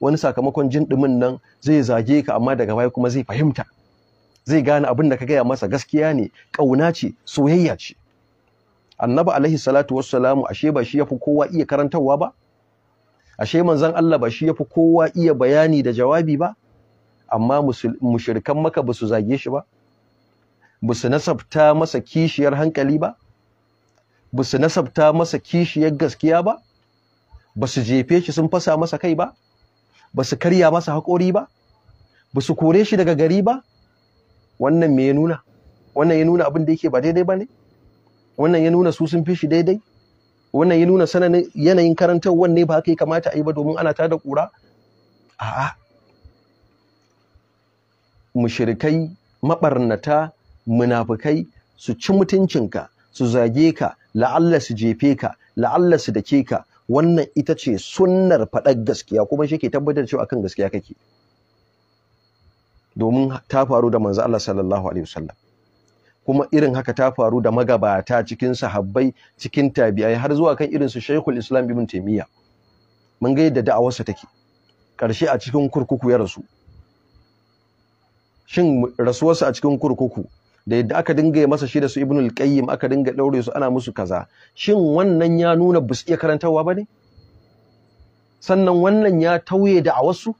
wani sakamakon jin ɗumin nan zai zage ka amma daga baya kuma zai fahimta zai gane abin da ka gaya masa gaskiya ne ƙauna ce soyayya ce annabi alaihi salatu wassalamu ashe ba shi yafi kowa iya karantarwa ba ashe manzon Allah ba shi yafi kowa iya bayani da jawabi ba amma mushirkan maka ba su zage shi ba ba su nasabta masa kishiyar hankali ba ba su nasabta masa kishiyar gaskiya ba ba su jefe shi sun fasa masa kai ba ba su karya masa haƙori ba ba su kore shi daga gari ba wannan me ya nuna wannan ya nuna abin da yake ba daidai ba ne wannan ya nuna su sun fi shi daidai wannan ya nuna sanannin yanayin karantar wanne ba haka ya kamata a yi ba domin ana tada ƙura a'a mushirikai maɓarnata munafukai su ci mutuncinka su zage ka la'alla su jefe ka la'alla su dake ka wannan ita ce sunnar faɗar gaskiya kuma shi ke tabbatar cewa akan gaskiya kake domin ta faru da manzo Allah sallallahu alaihi wasallam kuma irin haka ta faru da magabata cikin sahabbai cikin tabi'ai har zuwa kan irin su Sheikhul Islam Ibn Taymiyyah mun ga yadda da'awarsa take karshe a cikin kurkuku ya rasu shin rasuwarsa a cikin kurkuku da yadda aka dinga masa shi da su ibn al-qayyim aka dinga daure su ana musu kaza shin wannan ya nuna bus iya karantawa bane sannan wannan ya tauye da a wasu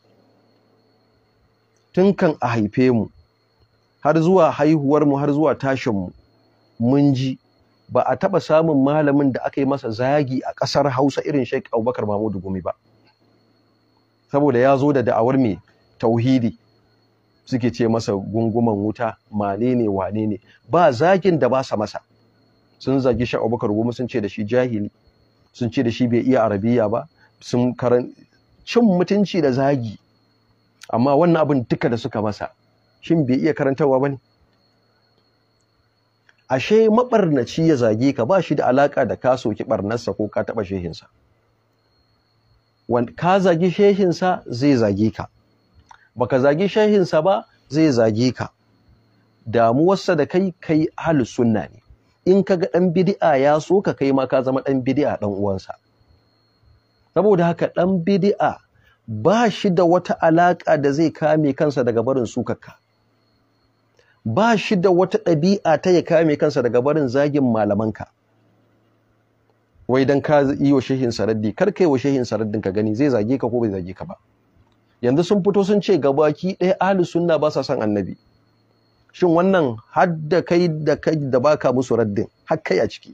tun kan a haife mu har zuwa haihuwar mu har zuwa tashin mu mun ji ba a taɓa samun malamin da aka yi masa zagi a ƙasar Hausa irin Sheikh Abubakar Mahmud Gumi ba saboda ya zo da da'awar mai tauhidi suke ce masa gunguman wuta mane ne wane ne ba zagin da ba sa masa sun zagi shi abubakar goma sun ce da shi jahili sun ce da shi bai iya arabiya ba sun karan cin mutunci da zagi amma wannan abin duka da suka masa shin bai iya karantarwa ba ne ashe mabarnaci ya zage ka ba shi da alaka da ka soki barnarsa ko ka taba shehinsa ka zagi shehinsa zai zage ka baka zagi shehinsa ba zai zage ka damuwarsa da kai kai ahli sunna ne in kaga dan bid'a ya so ka kai ma ka zama dan bid'a dan uwansa saboda haka dan bid'a ba shi da wata alaka da zai kame kansa daga barin sukarka ba shi da wata ɗabi'a ta ya kame kansa daga barin zagin malamanka wai dan ka yi wa shehin saraddi kar kai wa shehin saraddin ka gani zai zage ka ko bai zage ka ba yanzu sun fito sun ce gabaki ɗaya ahli sunna ba sa son annabi shin wannan har da kai da kai da baka musu raddin har kai a ciki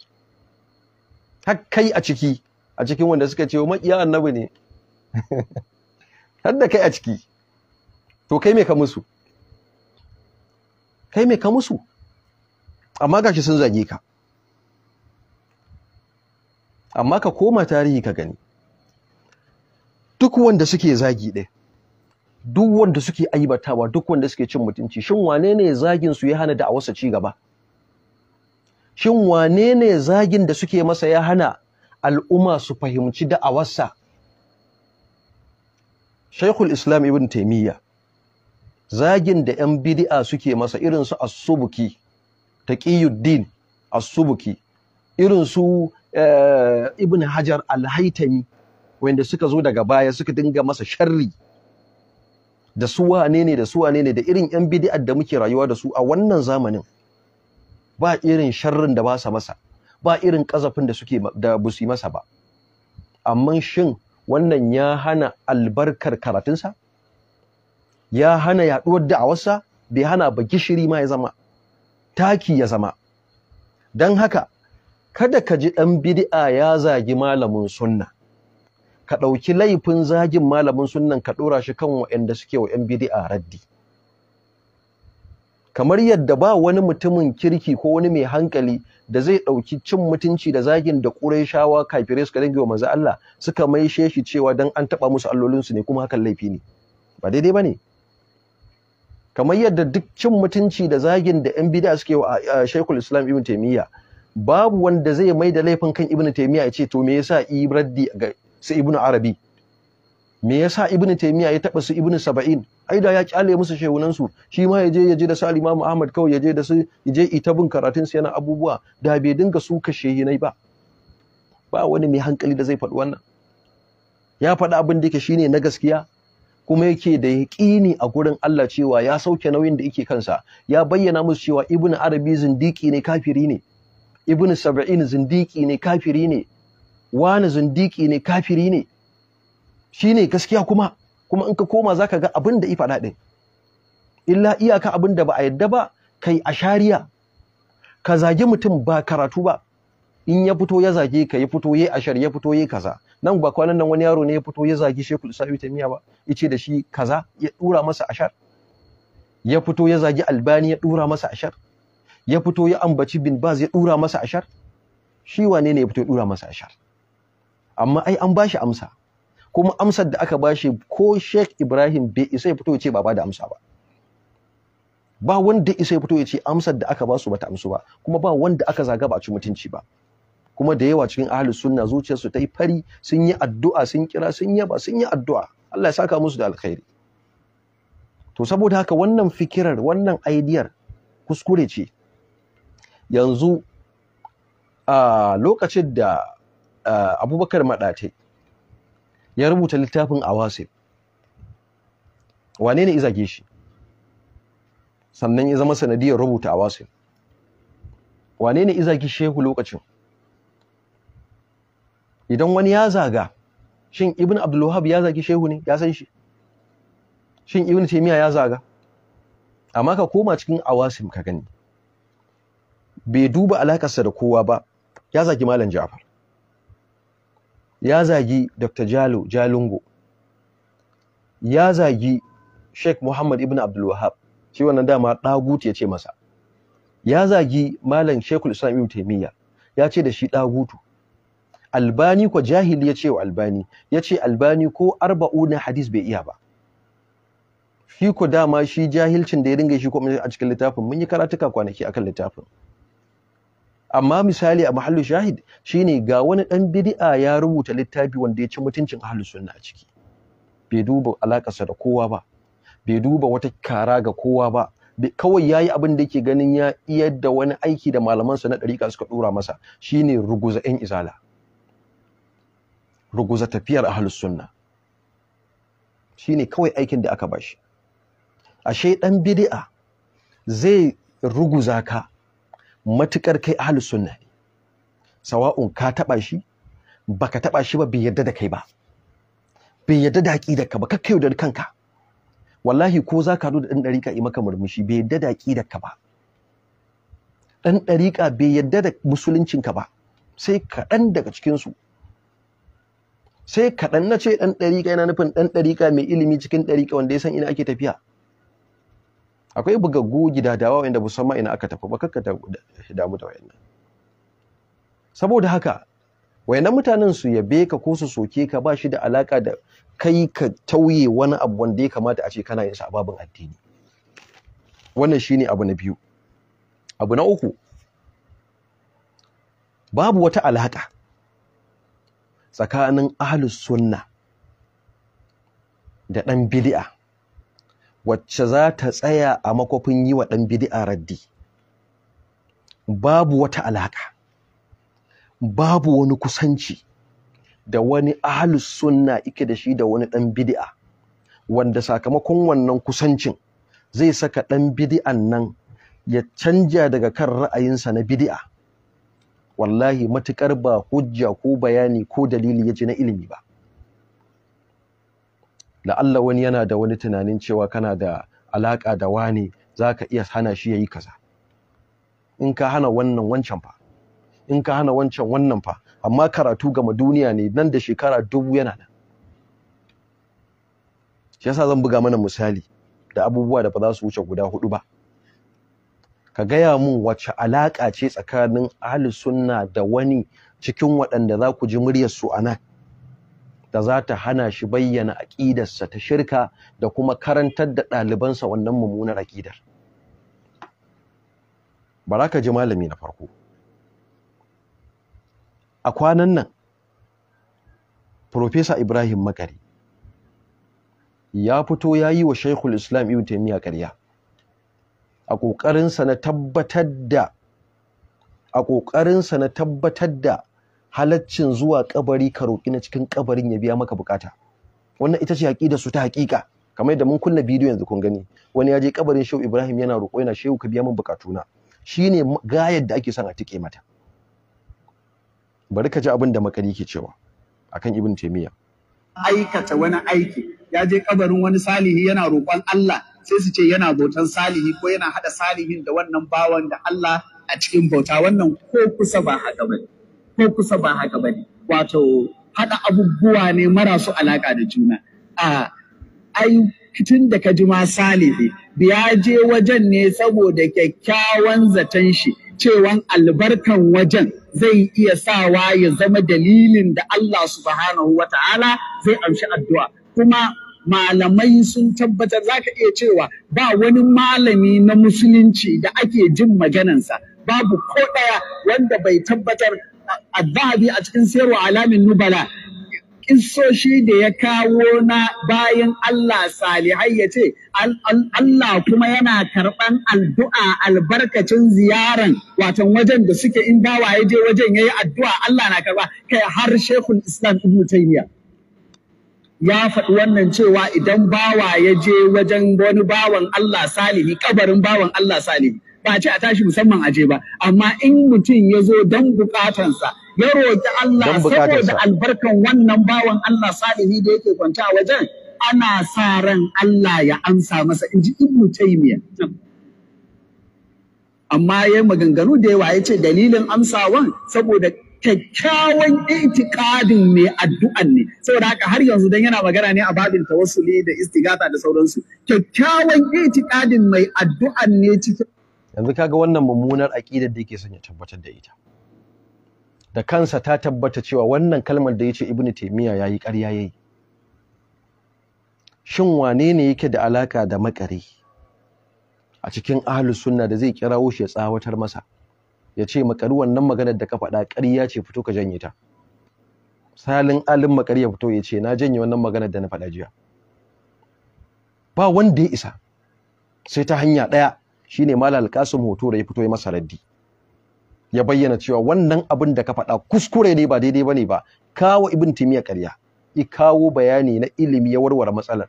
har kai a ciki a cikin wanda suka ce maƙiya annabi ne har da kai a ciki to kai me ka musu kai me ka musu amma gashi sun zage ka amma ka koma tarihi ka gani duk wanda suke zagi ɗaya. duk wanda suke aibatawa duk wanda suke cin mutunci shin wane ne zagin su ya hana da awasa ci gaba shin wane ne zagin da suke masa ya hana al'umma su fahimci da awasa Shaykhul Islam Ibn Taimiyya zagin da ‘yan bid'a suke masa irinsu as subki taqiyuddin as irinsu eh, Ibn Hajar al haytami wanda suka zo daga baya suka dinga masa sharri da su wane ne da su wane ne da irin yan bid'a da muke rayuwa da su a wannan zamanin ba irin sharrin da ba sa masa ba irin kazafin da suke da busi masa ba amma shin wannan ya hana albarkar karatunsa ya hana yaduwar da'awarsa bai hana ba gishiri ma ya zama taki ya zama dan haka kada ka ji ɗan bid'a ya zagi malamin sunna ka ɗauki laifin zagin malamin sunnan ka ɗora shi kan waɗanda suke wa 'yan bidi'a raddi kamar yadda ba wani mutumin kirki ko wani mai hankali da zai ɗauki cin mutunci da zagin da shawa kafire suka dangi wa maza Allah suka maishe shi cewa don an taɓa musu allolinsu ne kuma hakan laifi ne ba daidai ba ne kamar yadda duk cin mutunci da zagin da 'yan bidi'a suke wa Shaikul Islam Ibn taimiyya, babu wanda zai mai da laifin kan Ibn taimiyya ya ce to me yasa ibraddi su ibnu arabi me yasa ibnu taymiya ya taba su ibnu saba'in ai da ya kyale musu shehunan su shi ma yaje yaje da sali imamu ahmad kawai yaje da su yaje ita bin karatun su yana abubuwa da bai dinga suka shehinai ba ba wani mai hankali da zai faɗi wannan ya faɗi abin da yake shine na gaskiya kuma yake da yaqini a gurin Allah cewa ya sauke nauyin da yake kansa ya bayyana musu cewa ibnu arabi zindiki ne kafiri ne ibnu saba'in zindiki ne kafiri ne wani zindiki ne kafiri ne shine gaskiya kuma kuma in ka koma za ka ga abin da ifa ɗin illa iyaka abin da ba a yadda ba ka a ashariya. ka zagi mutum ba karatu ba in ya fito ya zage ka ya fito ya ashar ya fito ya kaza nan ba kwanan nan wani yaro ne ya fito ya zage zagi Sheikhul ta miya ba yace da shi kaza ya dura masa ashar ya fito ya zage Albani ya dura masa ashar ya fito ya ambaci Bin Baz ya dura masa ashar shi wane ne ya fito ya dura masa ashar amma ai an bashi amsa kuma amsar da aka bashi ko Sheikh Ibrahim bai isa ya fito ya ce ba ba da amsa ba ba wanda isa ya fito ya ce amsar da aka basu bata amsu ba kuma ba wanda aka zaga ba a ci mutunci ba kuma da yawa cikin ahlus sunna zuciyarsu ta yi fari sun yi addu'a sun kira sun yaba sun yi addu'a Allah ya saka musu da alkhairi to saboda haka wannan fikirar wannan aidiyar kuskure ce yanzu a lokacin da Uh, abubakar maɗatai ya rubuta littafin awasif wane ne izage shi sannan ya zama sanadiyar rubuta awasif wane ne izage shehu lokacin idan wani ya zaga shin ibn abdulwahab ya zagi shehu ne ya san shi shin ibn taymiya ya zaga amma ka koma cikin awasim ka gani bai duba alakarsa da kowa ba ya zagi malam ja'far ya zagi Dr. Jalo Jalungo ya zagi Sheikh Muhammad ibn Abdul Wahab shi wannan dama dagutu ce masa ya zagi Malam Sheikhul Islam Ibn Taymiyyah ya ce da shi dagutu Albani ko jahili yace wa Albani yace Albani ko arba'u na hadis bai iya ba shi ko dama shi jahilcin da ya ringa shi ko a cikin littafin mun yi karatuka kwanaki akan littafin amma misali a mahallu shahid shine ga wani ɗan bid'a ya rubuta littafi wanda ya ci mutuncin ahlus sunna a ciki bai duba alakarsa da kowa ba bai duba wata kara ga kowa ba kawai yayi abin da yake ganin ya iyar da wani aiki da malamansa na dariƙa suka ɗora masa shine ruguza yan izala ruguza tafiyar ahlus sunna shine kawai aikin da aka ba shi. ashe dan bid'a zai ruguza ka matukar kai ahli sunna ne sawa'un ka taba shi baka taba shi ba bai yarda da kai ba bai yarda da aqidar ka ba kakka yaudar kanka wallahi ko za ka da ɗan ɗariƙa yi maka murmushi bai yarda da aqidar ka ba ɗan ɗariƙa bai yarda da musuluncin ka ba sai kaɗan daga cikin su sai kaɗan na ce ɗan ɗariƙa yana nufin ɗan ɗariƙa mai ilimi cikin ɗariƙa wanda ya san ina ake tafiya akwai bugaggu gidadawa wanda inda san ma ina aka tafi ba kakka damu da wayannan saboda haka wayannan mutanen su yabe ka ko su soke ka ba shi da alaka da kai ka tauye wani abu wanda ya kamata a ce kana yin sa a babin addini wannan shine abu na biyu abu na uku babu wata alaka tsakanin ahlus sunna da ɗan bid'a wacce za ta tsaya a makwafin yi wa ɗan bidi'a raddi babu wata alaƙa babu wani kusanci da wani ahalus sunna ike da shi da wani ɗan bidi'a, wanda sakamakon wannan kusancin zai saka ɗan bidi'an nan ya canja daga kan ra'ayinsa na bidi'a? wallahi matuƙar ba hujja ko bayani ko dalili ya ji na ilimi ba la'alla wani yana da wani tunanin cewa kana da alaƙa da wani za ka iya hana shi ya yi kaza in ka hana wannan wancan fa in ka hana wancan wannan fa amma karatu gama duniya ne nan da shekara dubu yana nan shi yasa zan buga mana misali da abubuwa da ba za su wuce guda hudu ba ka gaya mun wace alaƙa ce tsakanin ahli sunna da wani cikin waɗanda za ku ji muryarsu a nan da za ta hana shi bayyana aƙidarsa ta shirka da kuma karantar da ɗalibansa wannan mummunar aƙidar. Baraka ji malami na farko. A kwanan nan, Profesa Ibrahim Makari ya fito ya yi wa Shaikhul Islam Ibn Taymiyyah ƙarya. A ƙoƙarinsa na tabbatar da a ƙoƙarinsa na tabbatar da halaccin zuwa kabari ka roƙi na cikin kabarin ya biya maka bukata wannan ita ce da su ta haƙiƙa kamar yadda mun kunna bidiyo yanzu kun gani wani ya je kabarin Shehu Ibrahim yana roƙo yana Shehu ka biya min bukatuna shine gayar da ake son a tike mata bari ka ji abin da makari ke cewa akan Ibn Taymiyyah aikata wani aiki ya je kabarin wani salihi yana roƙon Allah sai su ce yana bautan salihi ko yana hada salihin da wannan bawan da Allah a cikin bauta wannan ko kusa ba haka bane ko kusa ba haka ba ne wato haɗa abubuwa ne marasu alaƙa da juna a ai da ka ji ma salihi ya je wajen ne saboda kyakkyawan zaton shi cewan albarkan wajen zai iya sawa ya zama dalilin da Allah subhanahu wa zai amshi addu'a kuma malamai sun tabbatar za ka iya cewa ba wani malami na musulunci da ake jin maganansa babu ko ɗaya wanda bai tabbatar a cikin sayarwa alamin nubala kisoshi da ya kawo na bayan Allah salihai ya ce, Allah kuma yana karɓan addu'a albarkacin ziyaran watan wajen da suke in bawa ya je wajen ya yi addu'a Allah na karɓa kai har shekun Islam Ibn taimiya Ya faɗi wannan cewa idan bawa ya je wajen wani bawan Allah salihi, kabarin bawan Allah salihi. ba ce a tashi musamman aje ba amma in mutum ya zo don bukatansa ya roƙi Allah saboda albarkan wannan bawan Allah salihi da yake kwanta a wajen ana sa ran Allah ya amsa masa inji Ibnu Taymiyyah amma ya maganganu da yawa ya ce dalilin amsawan saboda kyakkyawan itikadin mai addu'an ne saboda haka har yanzu dan yana magana ne a babin tawassuli da istigata da sauransu kyakkyawan itikadin mai addu'an ne cikin yanzu kaga wannan mummunar aqidar da yake son ya tabbatar da ita da kansa ta tabbata cewa wannan kalmar da yace ibnu taymiya yayi ƙarya yayi shin wane ne yake da alaka da makare a cikin ahlus sunna da zai kirawo shi ya tsawatar masa ya ce makari wannan maganar da ka faɗa ƙarya ce fito ka janye ta salin alin makari ya fito ya ce na janye wannan maganar da na faɗa jiya ba wanda ya isa sai ta hanya ɗaya shine malal kasim hoto da ya fito ya masa raddi ya bayyana cewa wannan abin da ka faɗa kuskure ne ba daidai bane ba kawo ibn timiya ƙarya i kawo bayani na ilimi ya warware matsalar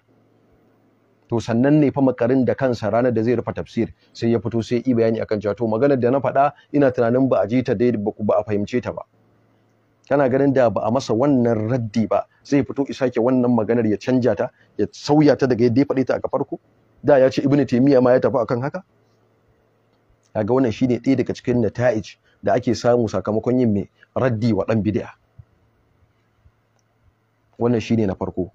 to sannan ne fa makarin da kansa ranar da zai rufa tafsir sai ya fito sai i bayani akan cewa to maganar da na faɗa ina tunanin ba a ji ta daidai ba ba a fahimce ta ba kana ganin da ba a masa wannan raddi ba zai fito isake wannan maganar ya canja ta ya sauya ta daga yadda ya faɗi ta a farko da ya ce ibnu timiya ma ya tafi akan haka kaga wannan shine ɗaya daga cikin nata'ij da ake samu sakamakon yin mai raddi wa ɗan bid'a wannan shine na farko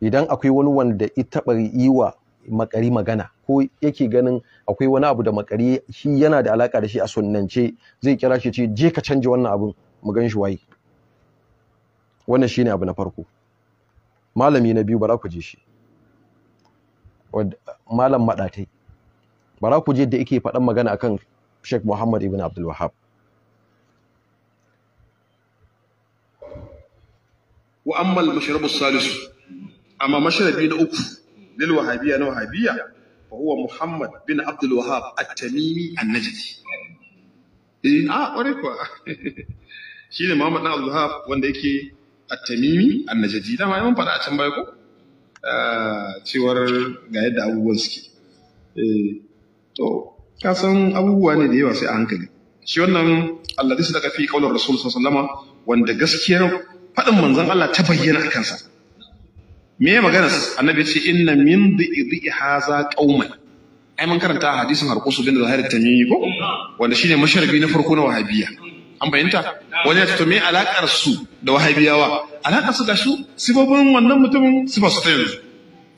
idan akwai wani wanda ya taɓa yi wa makari magana ko yake ganin akwai wani abu da makari shi yana da alaka da shi a sunnance zai kira shi ce je ka canja wannan abun mu gan shi waye wannan shine abu na farko malami na biyu bara ku je shi malam madatai bara ku je da yake faɗan magana akan Sheikh Muhammad ibn Abdul wahab. wa amma al-mashrabu as-salis amma mashrabi na uku lil wahabiyya na wahabiyya fa huwa Muhammad bin Abdul wahab at-Tamimi an-Najdi eh a kware kwa shine Muhammad bin Abdul wahab wanda yake at-Tamimi an-Najdi da ma mun faɗa a can baya ko ah, cewar ga yadda abubuwan suke eh to ka san abubuwa ne da yawa sai a hankali shi wannan Allah da sadaka fi qaulir rasul sallallahu alaihi wanda gaskiyar faɗin manzon Allah ta bayyana a kansa me magana annabi ya ce inna min dhi'i haza qauman ai mun karanta hadisin harqusu bin zahir tamimi ko wanda shine masharbi na farko na wahabiyya an bayyanta wani ya to da wahabiyawa Alaƙarsu su da su sibobin wannan mutumin sifa su ta yanzu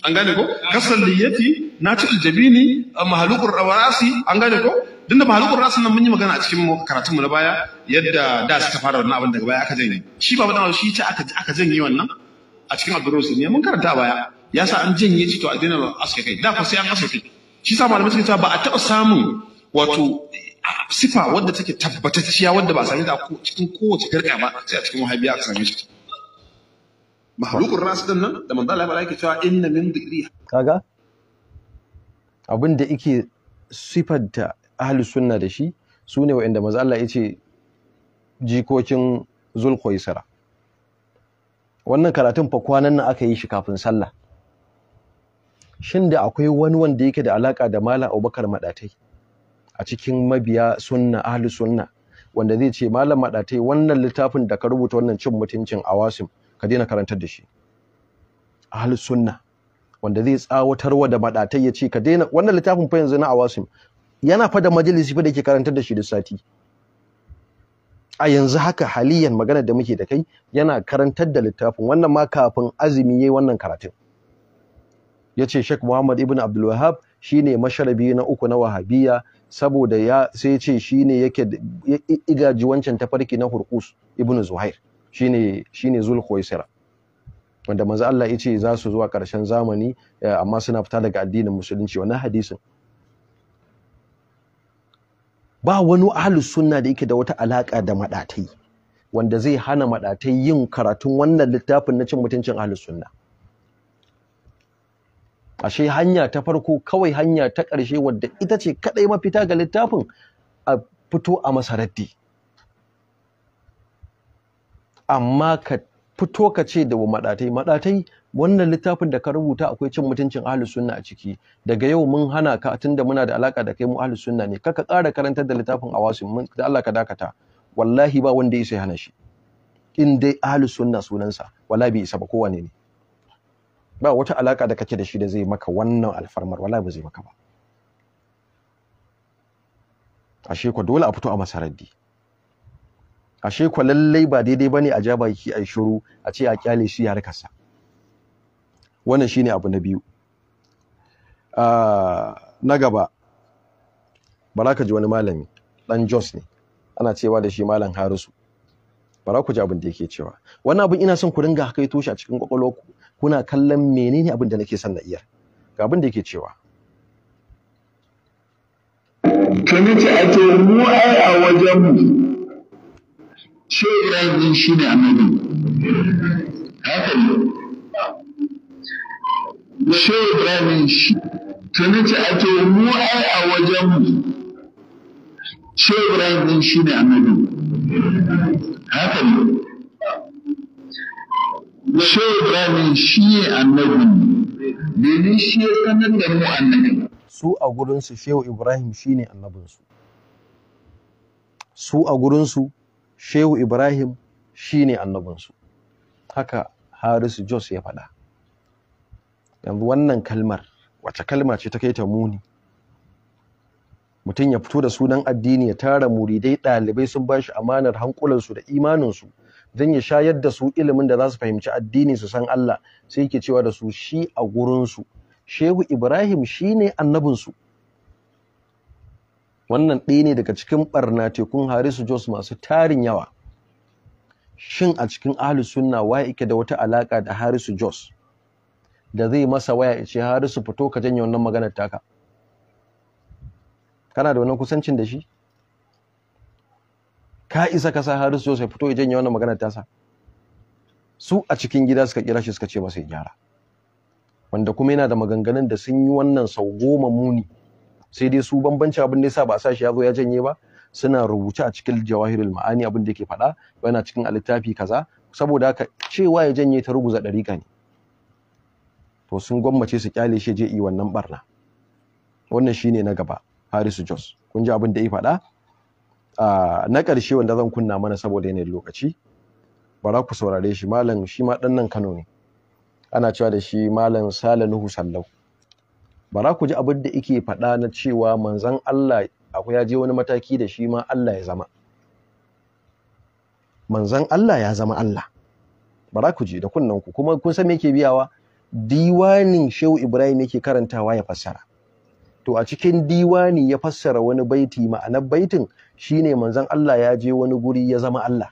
an gane ko kasal liyati natil jabini mahaluqur rawasi an gane ko dinda mahaluqur rasin nan mun yi magana a cikin karatun mu na baya yadda da suka fara wannan abin daga baya aka janye shi baba dan shi ce aka aka janye wannan a cikin abdurrusi ne mun karanta baya ya sa an janye shi to a daina aske kai da fa sai an aske shi sa malamin suke cewa ba a taɓa samun wato sifa wadda take tabbatacciya wadda ba a same ta cikin kowace garka ba sai a cikin wahabiya aka same shi mahalukur nasu din nan da manzo Allah ya yake cewa inna min dhikri kaga abin da yake sifanta ahli suna da shi sune wa'anda manzo Allah ya ce jikokin zulkhoisara wannan karatun fa kwanan nan aka yi shi kafin sallah shin da akwai wani wanda yake da alaka da malam Abubakar Madatai a cikin mabiya sunna ahli sunna wanda zai ce malam Madatai wannan littafin da ka rubuta wannan cin mutuncin awasim ka daina karantar da shi ahlus sunna wanda zai tsawatar wa da madatai ya ce ka daina wannan littafin fa yanzu na awasim yana fa da majalisi fa da yake karantar da shi da sati a yanzu haka haliyan magana da muke da kai yana karantar da littafin wannan ma kafin azumi yayi wannan karatun yace Sheikh Muhammad ibn Abdul Wahhab shine masharabi na uku na Wahabiyya saboda ya sai ce shine yake igaji wancan tafarki na Hurqus ibn Zuhair shine shine zulhuwaisira wanda manzo Allah ya ce za su zuwa ƙarshen zamani eh, amma suna fita daga addinin musulunci wannan hadisin ba wani ahli sunna da yake da wata alaka da madatai wanda zai hana madatai yin karatun wannan littafin na cin mutuncin ahli sunna ashe hanya ta farko kawai hanya ta ƙarshe wadda ita ce kadai mafita ga littafin a fito a masaraddi amma ka fito ka ce da wa maɗatai maɗatai wannan littafin da ka rubuta akwai cin mutuncin ahlus sunna a ciki daga yau mun hana ka tunda muna da alaka da kai mu ahlus sunna ne kaka ƙara karantar da littafin awasin mun da Allah ka dakata wallahi ba wanda ya hana shi in dai ahlus sunna sunansa wallahi bai isa ba kowane ne ba wata alaka da kake da shi da zai maka wannan alfarmar wallahi ba zai maka ba ashe dole a fito a masaraddi ashe kwa lallai ba daidai bane a ja baki ai shiru a ce a kyale shi ya rikasa. wannan shine abu na biyu ah, na gaba baraka ji wani malami dan Jos ne ana cewa da shi malam Harisu bara ku ji abin da yake cewa wannan abin ina son ku dinga kai toshi a cikin kwakwalwarku kuna kallon menene abin da nake son na iya? ga abin da yake cewa ce a ce mu ai a wajen mu shi shi ne annabi mu ai a wajen shi ya sanar da mu annabi su a gurinsu shehu Ibrahim shi ne annabinsu su a gurinsu shehu ibrahim shi ne annabinsu haka harisu jos ya faɗa yanzu wannan kalmar wace kalma ce ta kai ta muni mutum ya fito da sunan addini ya tara muridai ɗalibai sun bashi amanar hankulansu da imaninsu don ya shayar da su ilimin da za su fahimci addini su san Allah sai yake cewa da su shi a gurinsu shehu ibrahim shine annabinsu wannan ɗaya ne daga cikin ɓarna tekun harisu jos masu tarin yawa shin a cikin ahli sunna waye ke da wata alaƙa da harisu jos da zai masa waya ya ce harisu fito ka janye wannan maganar taka kana da wannan kusancin da shi ka isa ka sa harisu jos ya fito ya janye wannan maganar tasa su a cikin gida suka kira shi suka ce masa ya gyara wanda kuma yana da maganganun da sun yi wannan sau goma muni sai dai su bambanci abin da sa ba sa shi ya zo ya janye ba suna rubuce a cikin jawahirul ma'ani abin da yake faɗa yana cikin alittafi kaza saboda haka cewa ya janye ta ruguza ɗariƙa ne to sun gwammace su kyale shi je yi wannan barna wannan shine na gaba Harisu Jos kun ji abin da ya faɗa na ƙarshe wanda zan kunna mana saboda yanayin lokaci bara ku saurare shi malam shi ma ɗan nan Kano ne ana cewa da shi malam Sale Nuhu Sallau bara ku ji abin da yake faɗa na cewa manzon Allah akwai ya je wani mataki da shi ma Allah ya zama manzon Allah ya zama Allah bara ku ji da kunnan kuma kun san me yake biyawa diwanin Shehu Ibrahim yake karantawa ya fassara to a cikin diwani ya fassara wani baiti ma'anar baitin shine manzon Allah ya je wani guri ya zama Allah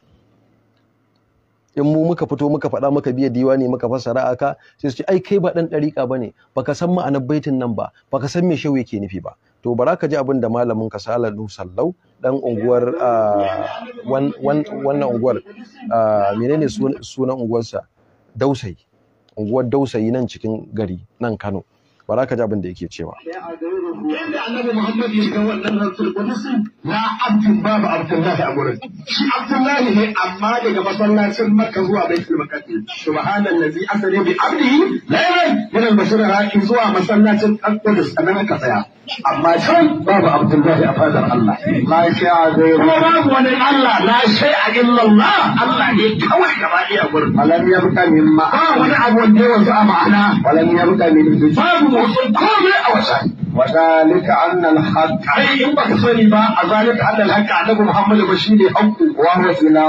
in mu muka fito muka faɗa muka biya diwani muka fassara aka sai su ce ai kai ba dan ba ne baka san ma'anar baitin nan ba baka san me shehu yake nufi ba to bara ka ji abin da malamin ka Saladu Sallau dan unguwar wannan unguwar menene sunan unguwarsa Dausayi unguwar Dausayi nan cikin gari nan Kano ba za ka ji abin da yake cewa yadda annabi muhammad ya ga wannan rasul kudusi na abdin babu abdullahi a gurin shi abdullahi ne amma daga masallacin makka zuwa baitul maqdis subhanallazi asri bi abdihi laylan min al-mashriqi zuwa masallacin qudus nan ka tsaya amma can babu abdullahi a fadar Allah la a zai kuma babu wani Allah la sha'a illallah Allah ne kawai gaba ɗaya gurin walam yabqa mimma ba wani abu wanda ya wasu a ma'ana walam yabqa min babu will fulfill your outside. وذلك أن الحق أي إن بك سوني با ذلك أن الحق أنه محمد بشيني حق وهو إلهنا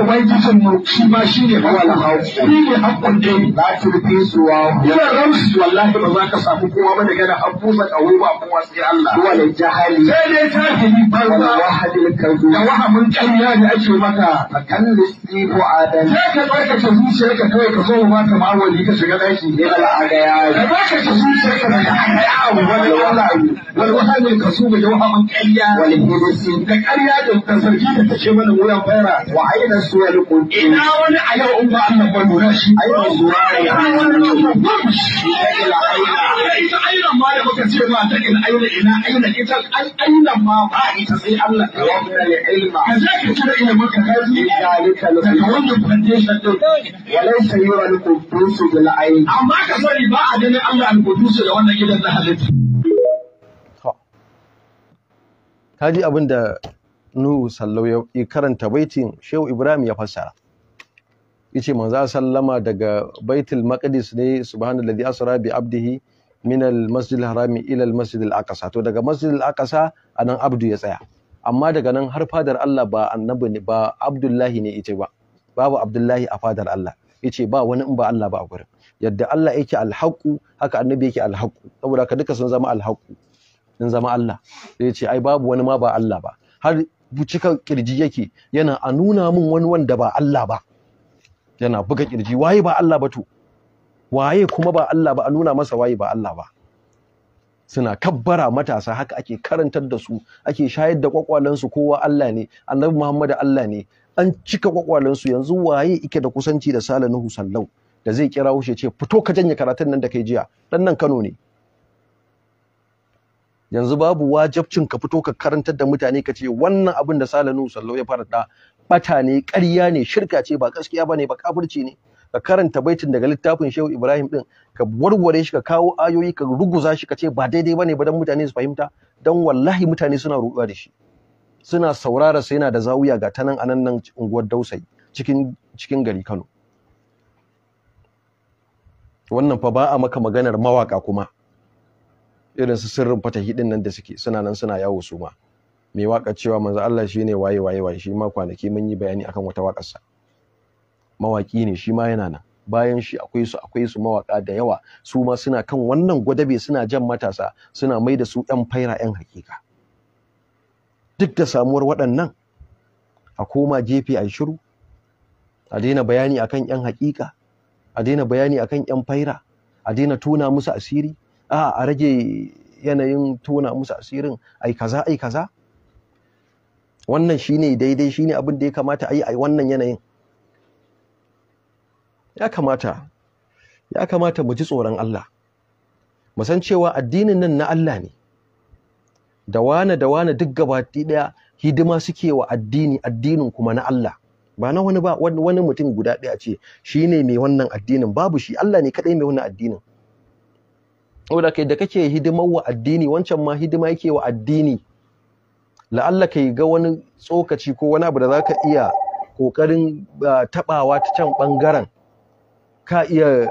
وبيجيس المكشيما شيني هو الحق شيني حق دي لا تلقي سواه يلا رمس والله ما ذاك سابقوا وما نجد حبوزا أو هو أبوز الله هو الجهل سيدي جاهلي بلنا واحد الكذوب وهم من كيان أجل مكا فكان لسيب عدن ذاك ذاك تزوج شركة كوي كسوه ما كما أول لك سجل أجل إلى العديان ذاك تزوج شركة كوي كسوه ما كما أول لك marayu wal wahamin kasuba yawhaman qayya wal hidisin da ƙarya da ta sarki da ta ce mana wurin fara wa aina suwal qul ina wani a yau in ba Allah ba nuna shi a zuwa ya ita aina ma da muka ce ma ta ina aina ina aina ita aina ma ba ita sai Allah ya wanda ya ilma ka je ina kira ilimin ka kai zalika daga wannan foundation din walaysa yura al-qudus bil ayn amma ka sani ba a ganin Allah al-qudus da wannan gidan na halitta kaji abin da Nuhu sallau ya karanta baitin Shehu Ibrahim ya fassara yace manzo sallama daga Baitul Maqdis ne subhanallazi asra bi abdihi min al-masjid al-harami ila al-masjid al-aqsa to daga masjid al-aqsa anan abdu ya tsaya amma daga nan har fadar Allah ba annabi ne ba Abdullahi ne yace ba babu Abdullahi a fadar Allah yace ba wani in ba Allah ba a gurin yadda Allah yake al haka annabi yake al saboda ka duka sun zama al in zama Allah sai ya ce ai babu wani ma ba Allah ba har cika kirji yake yana a nuna min wani wanda ba Allah ba yana buga kirji waye ba Allah ba to waye kuma ba Allah ba a nuna masa waye ba Allah ba suna kabbara matasa haka ake karantar da su ake shayar da kwakwalensu kowa Allah ne annabi Muhammad Allah ne an cika kwakwalensu yanzu waye ike da kusanci da Salihu sallau da zai kira wuce ce fito ka janye karatun nan da kai jiya dan nan Kano ne yanzu babu wajabcin ka fito ka karantar da mutane ka ce wannan abin da salanu sallau ya da bata ne ƙarya ne shirka ce ba gaskiya bane ba kafirci ne ka karanta baitin daga littafin Shehu Ibrahim din ka warware shi ka kawo ayoyi ka ruguza shi ka ce ba daidai bane ba dan mutane su fahimta dan wallahi mutane suna ruɗuwa da shi suna saurara sai yana da zawiya ga tanan anan nan unguwar Dausayi cikin cikin gari Kano wannan fa ba a maka maganar mawaka kuma irin su sirrin fatahi din nan da suke suna nan suna yawo su ma mai waka cewa manzo Allah shine waye waye waye shi ma kwanaki mun yi bayani akan wata wakar sa mawaki ne shi ma yana nan bayan shi akwai su akwai su mawaka da yawa su ma suna kan wannan gwadabe suna jan matasa suna mai da su yan faira yan hakika duk da samuwar waɗannan a koma gefe a shiru a daina bayani akan yan hakika a daina bayani akan yan faira a daina tona musu asiri a a rage yanayin tona musu asirin ai kaza ai kaza wannan shine daidai shine abin da ya kamata a yi wannan yanayin ya kamata ya kamata mu ji tsoron Allah mu san cewa addinin nan na Allah ne da wane da wane duk gabati daya hidima suke wa addini addinin kuma na Allah ba na wani ba wani mutum guda ɗaya ce shine mai wannan addinin babu shi Allah ne kadai mai wannan addinin saboda kai da kake hidimar wa addini wancan ma hidima yake wa addini la'alla kai ga wani tsokaci ko wani abu da zaka iya kokarin tabawa ta can bangaren ka iya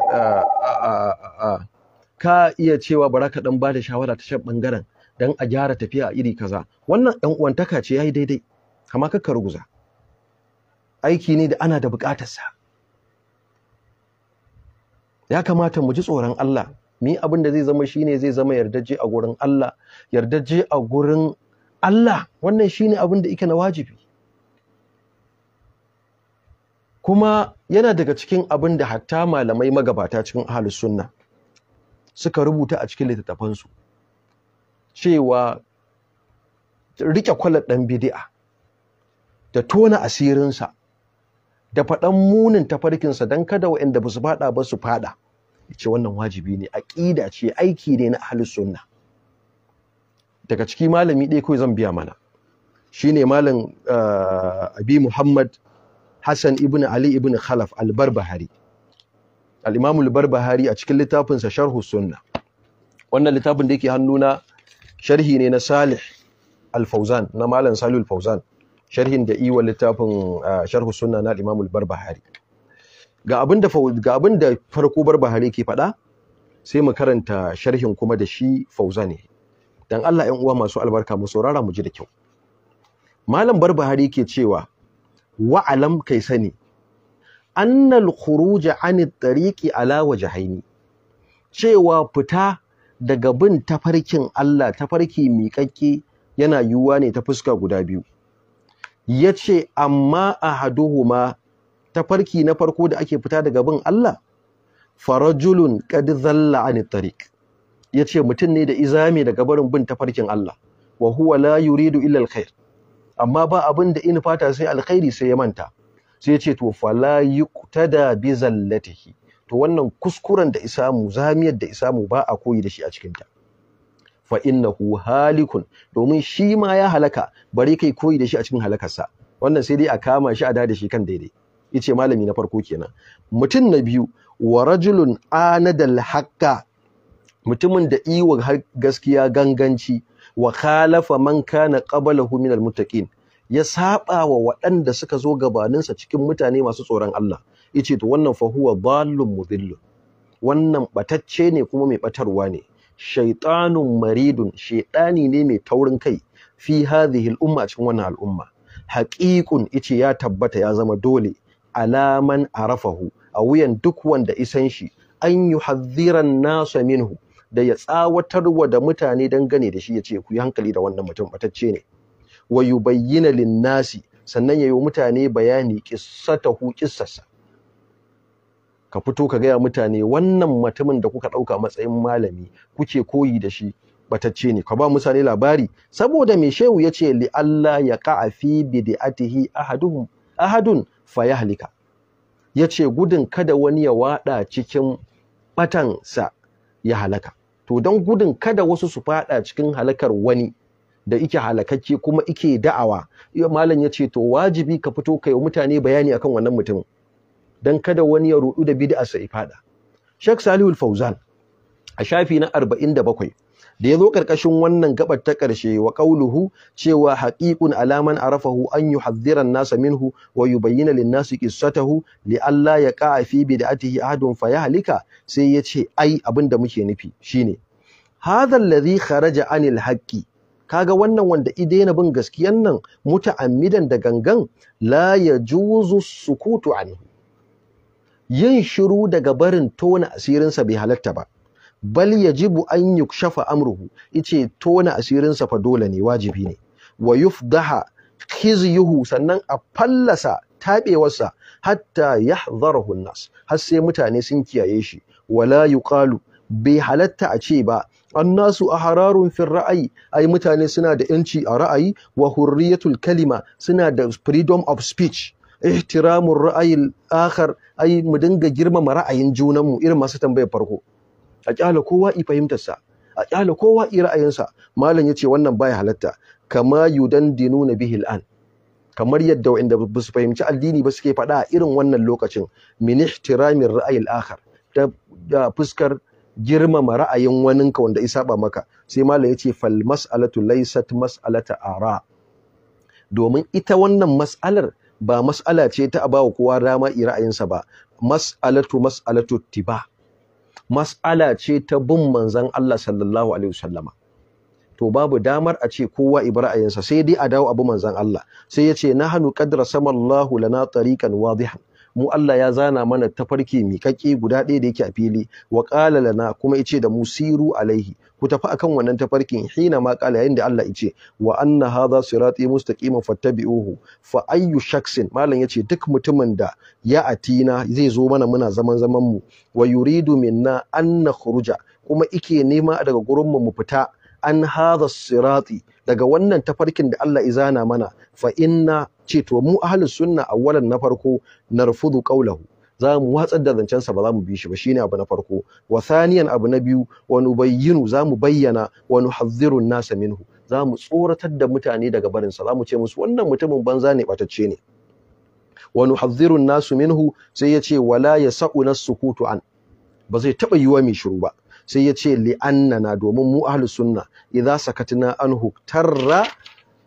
ka iya cewa bara ka dan bada shawara ta can bangaren dan a gyara tafiya iri kaza wannan ɗan uwantaka ce yayi daidai kama kakka ruguza aiki ne da ana da buƙatarsa ya kamata mu ji tsoron Allah mi abin da zai zama shine zai zama yardaje a gurin Allah yardaje a gurin Allah wannan shine abin da yake na wajibi kuma yana daga cikin abin da hatta malamai magabata cikin ahlus sunna suka rubuta a cikin littattafansu cewa rike kwalar ɗan bid'a da tona asirinsa da faɗan munin tafarkinsa don kada waɗanda ba su faɗa ba su faɗa ce wannan wajibi ne aqida ce aiki ne na ahlus sunna daga ciki malami ɗaya kawai zan biya mana shine malam eh, abi muhammad hassan ibn ali ibn khalaf al-barbahari al-imam al-barbahari a cikin littafinsa sharhu sunna wannan littafin da yake hannuna sharhi ne na salih al-fauzan na malam salih al-fauzan sharhin da iwa littafin eh, sharhu sunna na al-imam al-barbahari ga abin da ga abin da farko bar bahari ke faɗa sai mu karanta sharhin kuma da shi fauza ne dan Allah ɗan uwa masu albarka mu saurara mu ji da kyau malam Bar barbahari ke cewa wa alam kai sani annal khuruj anit tariqi ala wajhaini cewa fita daga bin tafarkin Allah tafarki miƙaƙƙe yana yiwuwa ne ta fuska guda biyu ya ce amma ahaduhuma tafarki na farko da ake fita daga bin Allah farajulun qad zalla anit tariq yace mutum ne da izami daga barin bin tafarkin Allah wa huwa la yuridu illa alkhair amma ba abin da in fata sai alkhairi sai ya manta sai yace to fala yuqtada bi zallatihi to wannan kuskuren da isamu zamiyar da isamu ba a koyi da shi a cikin ta fa innahu halikun domin shi ma ya halaka bari kai koyi da shi a cikin halakarsa wannan sai dai a kama shi a dade shi kan daidai Ice malami na farko kenan mutum na biyu wa rajulun anadal haqqa mutumin da iwa gaskiya ganganci wa khalafa man kana qablahu min muttaqin ya saba wa waɗanda suka zo gabaninsa cikin mutane masu tsoron Allah yace to wannan fa huwa dhallun mudill wannan batacce ne kuma mai batarwa ne shaytanun maridun shaytani ne mai taurin kai fi hadhihi umma cikin wannan al'umma haqiqun yace ya tabbata ya zama dole alaman arafahu a wuyan duk wanda isan shi an yi hadhiran nasa minhu da ya tsawatarwa da mutane dangane da shi ya ce ku yi hankali da wannan mutum batacce ne wa yubayyana linnasi sannan ya yi mutane bayani ƙisatahu qissasa ka fito ka gaya mutane wannan mutumin da kuka ɗauka matsayin malami kuke koyi da shi batacce ne ka ba mutane labari saboda mai shehu ya ce li Allah ya ka'a fi bid'atihi ahadun fayahlika yace gudun kada wani ya wada cikin batansa ya halaka to dan gudun kada wasu su fada cikin halakar wani da ike halakakke kuma ike da'awa malam yace to wajibi ka fito kai mutane bayani akan wannan mutumin dan kada wani ya rudu da bid'a sai fada Sheikh Salihul Fauzan a shafi na 47 da ya zo ƙarƙashin wannan gabar ta ƙarshe wa ƙauluhu cewa haƙiƙun alaman arafahu an yuhadhdhira an-nasa minhu wa yubayyana lin-nasi qissatahu li alla yaqa fi bid'atihi ahadun fayahlika sai yace ai abinda muke nufi shine hadha alladhi kharaja anil haqqi kaga wannan wanda i daina bin gaskiyan nan muta'ammidan da gangan la yajuzu sukutu anhu yin shiru daga barin tona asirinsa bai halatta ba bal yajibu an yukshafa amruhu yace tona asirin sa fa dole ne wajibi ne wa yufdaha khizyuhu sannan a fallasa taɓewarsa hatta yahdharahu nas har sai mutane sun kiyaye shi wala yuqalu bai halatta a ce ba annasu a hararun fin ra'ayi ai mutane suna da yanci a ra'ayi wa hurriyatul kalima suna da freedom of speech ihtiramur ra'ayin akhar ai mu dinga girmama ra'ayin junanmu irin masu tambayar farko a kyala kowa i fahimtarsa a kyala kowa i ra'ayinsa malam yace wannan baya halatta kama na bihi al'an kamar yadda wa'inda ba su fahimci addini ba suke faɗa a irin wannan lokacin min ihtiramin ra'ayil akhar da fuskar girmama ra'ayin waninka wanda ba maka sai malam yace fal mas'alatu laysat mas'alata ara domin ita wannan mas'alar ba mas'ala ce ta abawa kowa rama i ra'ayinsa ba mas'alatu mas'alatu tiba mas'ala ce ta bin manzon Allah sallallahu alaihi wasallama to babu damar a ce kowa ibra'ayinsa sai dai a dawo abu manzon Allah sai ya ce nahnu qadra samallahu lana tariqan wadiha mu Allah ya zana mana tafarki miƙaƙe guda ɗaya da yake a fili wa qala lana kuma yace da musiru alaihi ku tafi akan wannan tafarkin hina ma kala yayin da Allah yace wa anna hadha sirati mustaqiman fattabi'uhu fa ayyu shaksin malam yace duk mutumin da ya atina zai zo mana muna zaman zaman mu wa yuridu minna an nakhruja kuma ike nema daga gurin mu mu fita an hadha sirati daga wannan tafarkin da Allah izana mana fa inna ce to mu ahlus sunna awwalan na farko narfudu qawlahu za mu watsar da zancensa ba za mu bi shi ba shine abu na farko wa thaniyan abu na biyu wa nubayyinu za mu bayyana wa nuhadhdhiru nasa minhu za mu tsoratar da mutane daga barin sa za mu ce musu wannan mutumin banza ne batacce ne wa nuhadhdhiru nasu minhu sai ya ce wala yasau sukutu an ba zai taba yiwa mai shiru ba sai ya ce li'annana domin mu ahlus sunna idza sakatna anhu tarra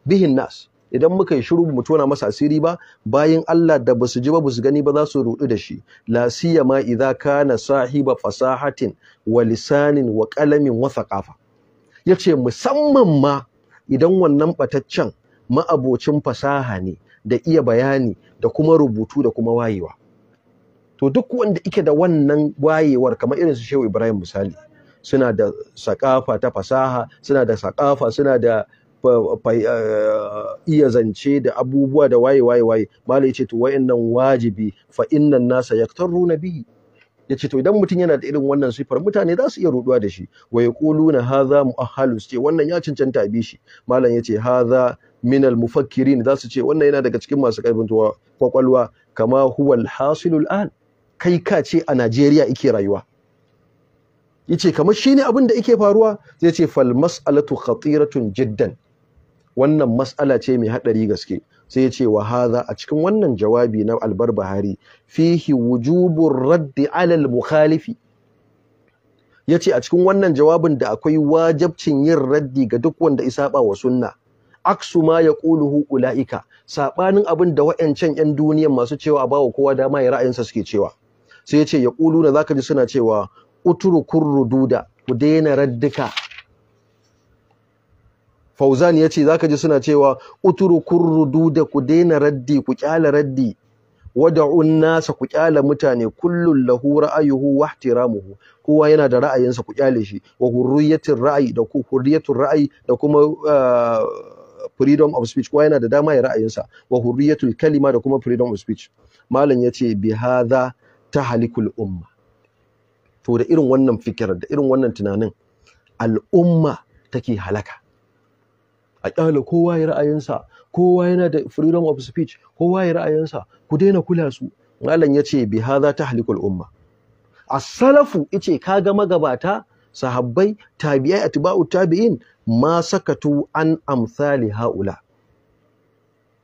bihin nas idan muka yi shiru mu tona masa asiri ba bayan Allah da basu ji ba basu gani ba za su rudu da shi la ma idza kana sahiba fasahatin wa lisanin wa qalamin wa thaqafa yace musamman ma idan wannan bataccen ma'abocin fasaha ne da iya bayani da kuma rubutu da kuma wayewa to duk wanda yake da wannan wayewar kamar irin su Shehu Ibrahim misali suna da sakafa ta fasaha suna da sakafa suna da Eh, iya zance da abubuwa da waye waye waye malai yace to wayannan wajibi fa innan nasa yaktaruna bihi yace to idan mutum yana da irin wannan sifar mutane za su iya ruduwa da shi wa yaquluna hadha muahhalu ce wannan ya cancanta a shi malam yace haza min al mufakkirin za su ce wannan yana daga cikin masu kaifin kwakwalwa kama huwa hasilul an kai ka ce a Najeriya yake rayuwa yace kamar shine abin da yake faruwa zai ce fal mas'alatu khatiratun jiddan wannan mas'ala ce mai haɗari gaske sai ya ce wa hadha a cikin wannan jawabi na albar bahari fihi wujubun raddi alal mukhalifi ya ce a cikin wannan jawabin da akwai wajabcin yin raddi ga duk wanda isaba wa sunna aksu ma ya ƙuluhu ula'ika saɓanin abin da wa'yancan 'yan duniyan masu cewa a bawa kowa dama ya ra'ayinsa suke cewa sai ya ce ya ƙulu na zaka ji suna cewa uturukun rududa ku daina raddika fauzan ya ce za ka ji suna cewa uturu kurru duda ku daina raddi ku kyala raddi wada'un nasa ku kyala mutane kullun lahu ra'ayuhu wa ihtiramuhu kowa yana da ra'ayinsa ku kyale shi wa hurriyatir ra'ayi da ku hurriyatur ra'ayi da kuma ah, freedom of speech kowa yana da dama ya ra'ayinsa wa hurriyatul kalima da kuma freedom of speech malam ce bi hadha tahlikul umma to da irin wannan fikirar da irin wannan tunanin al'umma take halaka a ƙyale kowa ya ra'ayinsa kowa yana da freedom of speech kowa ya ra'ayinsa ku daina kula su malam ya ce bi ta halikul umma as-salafu yace kaga magabata sahabbai tabi'ai atba'u tabi'in ma sakatu an amsali haula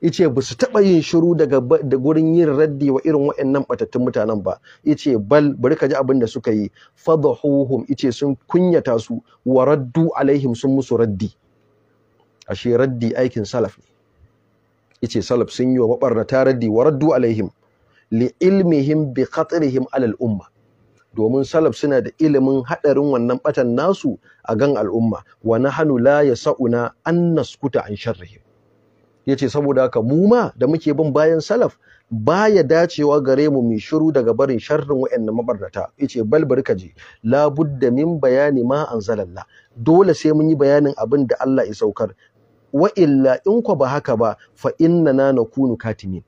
Ice ba su taɓa yin shiru daga da gurin yin raddi wa irin waɗannan batattun mutanen ba Ice bal bari ka ji abin da suka yi fadhuhum Ice sun kunyata su wa raddu alaihim sun musu raddi ashe raddi aikin salaf ne yace salaf sun yi wa mabarnata raddi wa raddu alaihim li ilmihim bi khatrihim alal umma domin salaf suna da ilimin hadarin wannan batan nasu a gan al'umma wa nahnu la yasuna an naskuta an sharrihim yace saboda haka mu ma da muke bin bayan salaf baya dacewa gare mu mu shiru daga barin sharrin wayannan mabarnata yace bal barkaji la budda min bayani ma anzalallah dole sai mun yi bayanin abin da Allah ya saukar wa illa in ku ba haka ba fa inna na nakunu katimin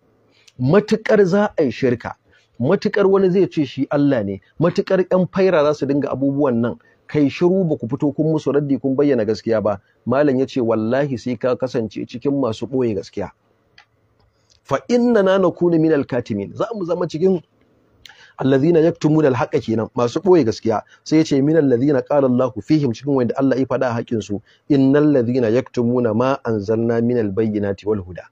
matukar za a yi shirka matukar wani zai ce shi Allah ne matukar yan faira za su dinga abubuwan nan kai shiru ba ku fito kun musu raddi kun bayyana gaskiya ba malam ya ce wallahi sai ka kasance cikin masu ɓoye gaskiya fa inna na kunu min katimin, za mu zama cikin allazina yaktumuna alhaqqa kenan masu boye gaskiya sai yace min allazina qala Allahu fihim cikin wanda Allah ya faɗa haƙin su innal ladhina yaktumuna ma anzalna min albayyinati wal huda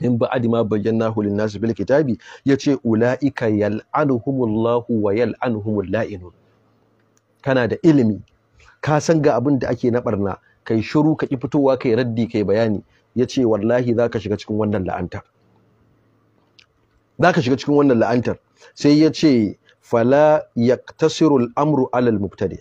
in ba'ad ma bayyanahu lin nas bil kitabi yace ulaika yal'anuhumullahu wa yal'anuhumul la'inun kana da ilimi ka san ga abin da ake na barna kai shiru ka ki fitowa kai raddi kai bayani yace wallahi zaka shiga cikin wannan la'anta zaka shiga cikin wannan la'antar sai ya ce fala yaktasiru amru alal mubtadi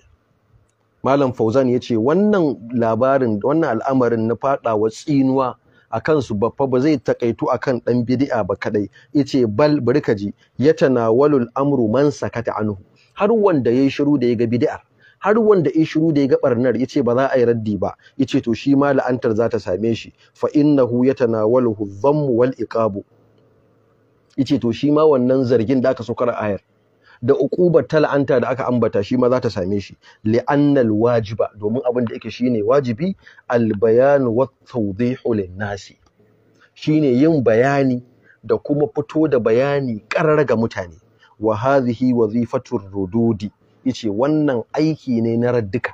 malam fauzan ya ce wannan labarin wannan al'amarin na wa tsinuwa a kansu babba ba zai takaitu a kan ɗan bid'a ba kadai ce, bal bari ka ji yatanawalul amru man sakata anhu har wanda yayi shiru da ya ga bid'ar har wanda ya shiru da ya ga barnar ce, ba za a yi raddi ba ce to shi ma la'antar za ta same shi fa innahu yatanawaluhu dhammu wal iqabu Ice to shi ma wannan zargin da aka saukar ayar da uqubar la'anta da aka ambata shi ma za ta same shi li'annal wajiba domin abin da yake shine wajibi al bayan wa tawdihu lin nasi shine yin bayani da kuma fito da bayani karar ga mutane wa hadhihi wazifatur rududi yace wannan aiki ne na raddika